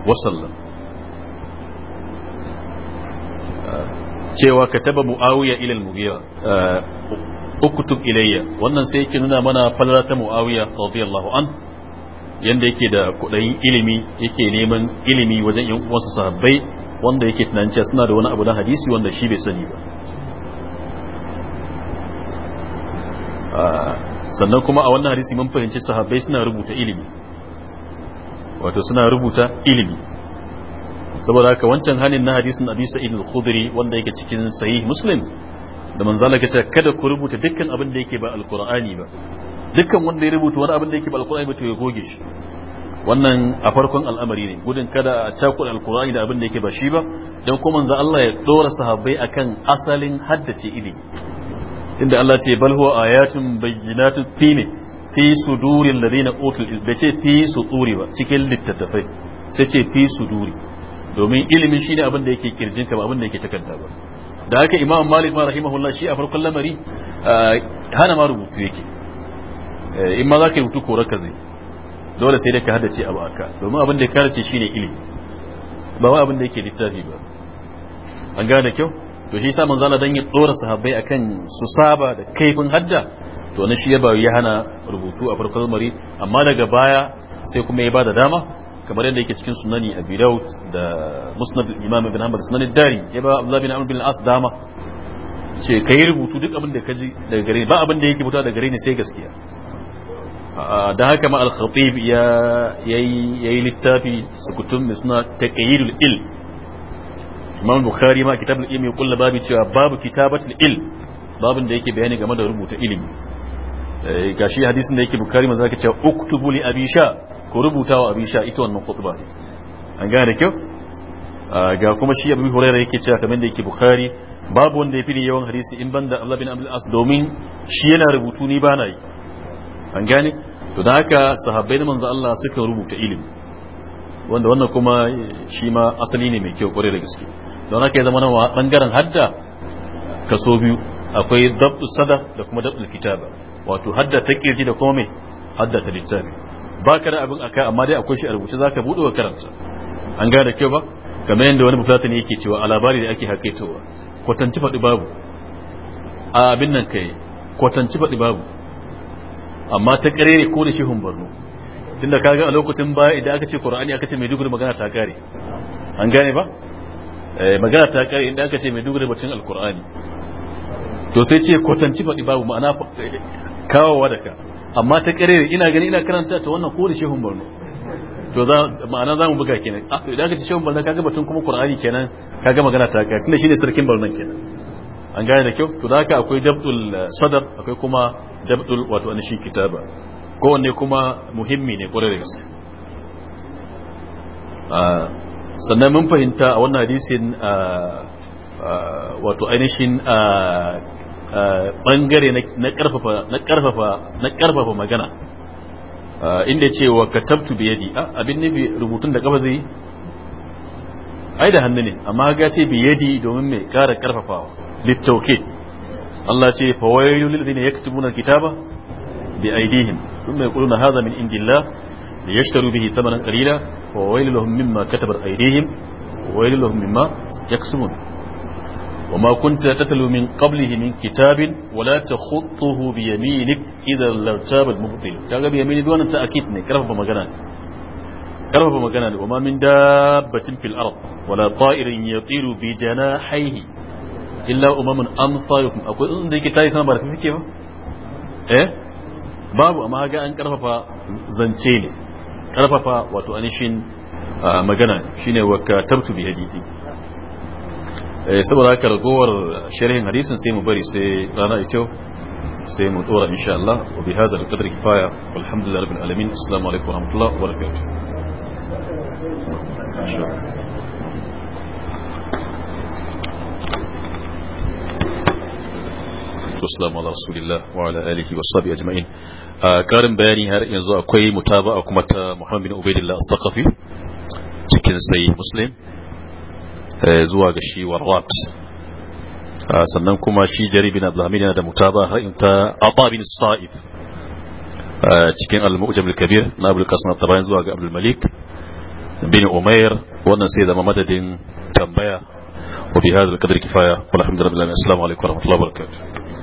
wasallam cewa ka taba mu'awiya ilal mugira uktub ilayya wannan sai yake nuna mana falala ta mu'awiya radiyallahu anhu yanda yake da kudayin ilimi yake neman ilimi wajen yan uwansa sahabbai wanda yake tunanin cewa suna da wani abu na hadisi wanda shi bai sani ba ah, sannan kuma a wannan hadisi mun fahimci sahabbai suna rubuta ilimi wato suna rubuta ilimi saboda haka wancan hanin na hadisin abi sa'id al-khudri wanda yake cikin sahih muslim da manzala kace kada ku rubuta dukkan abin da yake ba alqur'ani ba dukkan wanda ya rubuta wani abin da yake ba ba ya goge shi wannan a farkon al'amari ne gudun kada a cakul alkur'ani da abin da yake ba shi ba don kuma za Allah ya dora sahabbai akan asalin haddace ilimi inda Allah ce bal huwa ayatun bayyinatun fi ne fi sudurin ladina utul da Bace fi suduri ba cikin littattafai sai ce fi suduri domin ilimi shine abin da yake ka ba abin da yake takarda ba da haka imam malik ma rahimahullah shi a farkon lamari ah, hana ma rubutu yake Eh, in ma za ka yi hutu korar ka zai dole sai dai ka haddace abu aka domin abin da ya karace ne ilimi ba wani abin da yake littafi ba an gane da kyau to shi sa manzala don ya dora sahabbai akan su saba da kaifin hadda to na shi ya ba ya hana rubutu a farkon mari amma daga baya sai kuma ya ba da dama kamar yadda yake cikin sunani a bidaut da musnad imam ibn hanbal sunani dari ya ba abdullah bin amr bin al-as dama ce kai rubutu duk abin da ka ji daga gare ba abin da yake buta daga gare ne sai gaskiya da haka ma al-khatib ya yayi littafi sukutun misna taqyidul il Imam Bukhari ma kitabul ilmi ya kulla babu cewa babu kitabatul il babin da yake bayani game da rubuta ilimi gashi hadisin da yake Bukhari ma zaka cewa uktubu li abisha ko rubuta wa abisha ita wannan khutba an gane da kyau ga kuma shi Abu Hurairah yake cewa kamar da yake Bukhari babu wanda ya fi yawan hadisi in banda Allah bin Abdul As domin shi yana rubutu ni ba na yi an gane to da haka sahabbai da manzo Allah suka rubuta ilimi wanda wannan kuma shi ma asali ne mai kyau kwarai da gaske don haka ya zama nan bangaren hadda kaso biyu akwai dabtu sada da kuma dabtu kitaba wato hadda ta kirji da kuma mai hadda ta littafi ba ka da abin aka amma dai akwai shi a rubuce zaka bude wa karanta an gane da kyau ba kamar yadda wani ne yake cewa a labari da ake hakaitowa kwatanci faɗi babu a abin nan kai kwatanci faɗi babu amma ta karere ko da shehun barno tunda kaga a lokacin baya idan aka ce qur'ani aka ce mai duguri magana ta kare an gane ba eh, magana ta kare idan aka ce mai duguri bacin alqur'ani to sai ce kwatanci fadi babu ma'ana kawowa da ka amma ta karere ina gani ina karanta ta wannan ko da shehun barno to za ma'ana za mu buga kenan ah, idan aka ce shehun barno kaga batun kuma qur'ani kenan kaga magana ta kare tunda shine sarkin barno kenan an gane da kyau to da haka akwai dabdul eh, sadar akwai kuma dabdul wato an shi kitaba kowanne kuma muhimmi ne kwarai da gaske ah, sannan mun fahimta a wannan hadisin ah, ah, wato ainihin bangare na karfafa na karfafa na karfafa magana inda cewa katabtu biyadi abin nufi rubutun da kafa zai ai da hannu ne amma ga ce bi yadi domin mai kara karfafawa littauke Allah ce fa wayu lil ladina yaktubuna alkitaba bi aydihim thumma yaquluna hadha min indillah liyashtaru bihi thamanan qalila fa wayu lahum mimma katabat aydihim wa wayu lahum mimma yaksubun kunta وما min تتلو من قبله من كتاب ولا تخطه بيمينك اذا لارتاب المبطل كذا بيمينك دون تاكيد ne karfafa magana karfafa magana da wa min dabbatin fil ard wala ta'irin yatiru bi janahihi illa umamun amsalukum akwai tsuntsun da yake tayi sama ba da suke ba eh babu amma ga an karfafa zance ne karfafa wato anishin ah, magana shine wa katabtu bi hadidi eh, saboda haka ragowar sharhin hadisin sai mu bari sai rana ita sai mu dora insha Allah wa bi hadha al-qadri kifaya walhamdulillahi rabbil alamin assalamu alaikum wa rahmatullahi wa والسلام على رسول الله وعلى آله وصحبه أجمعين karin bayani har yanzu akwai mutaba'a kuma ta Muhammad bin Ubaidillah al-Thaqafi cikin sai Muslim zuwa ga shi Warrat sannan kuma shi Jarir bin Abdulhamid yana da mutaba har in ta Ata bin Sa'id cikin al-Mu'jam al-Kabir na Abdul Qasim al-Tabari zuwa ga Abdul Malik بن أمير وانا سيدة ممدد تنبيه وبهذا القدر كفاية والحمد لله السلام عليكم ورحمة الله وبركاته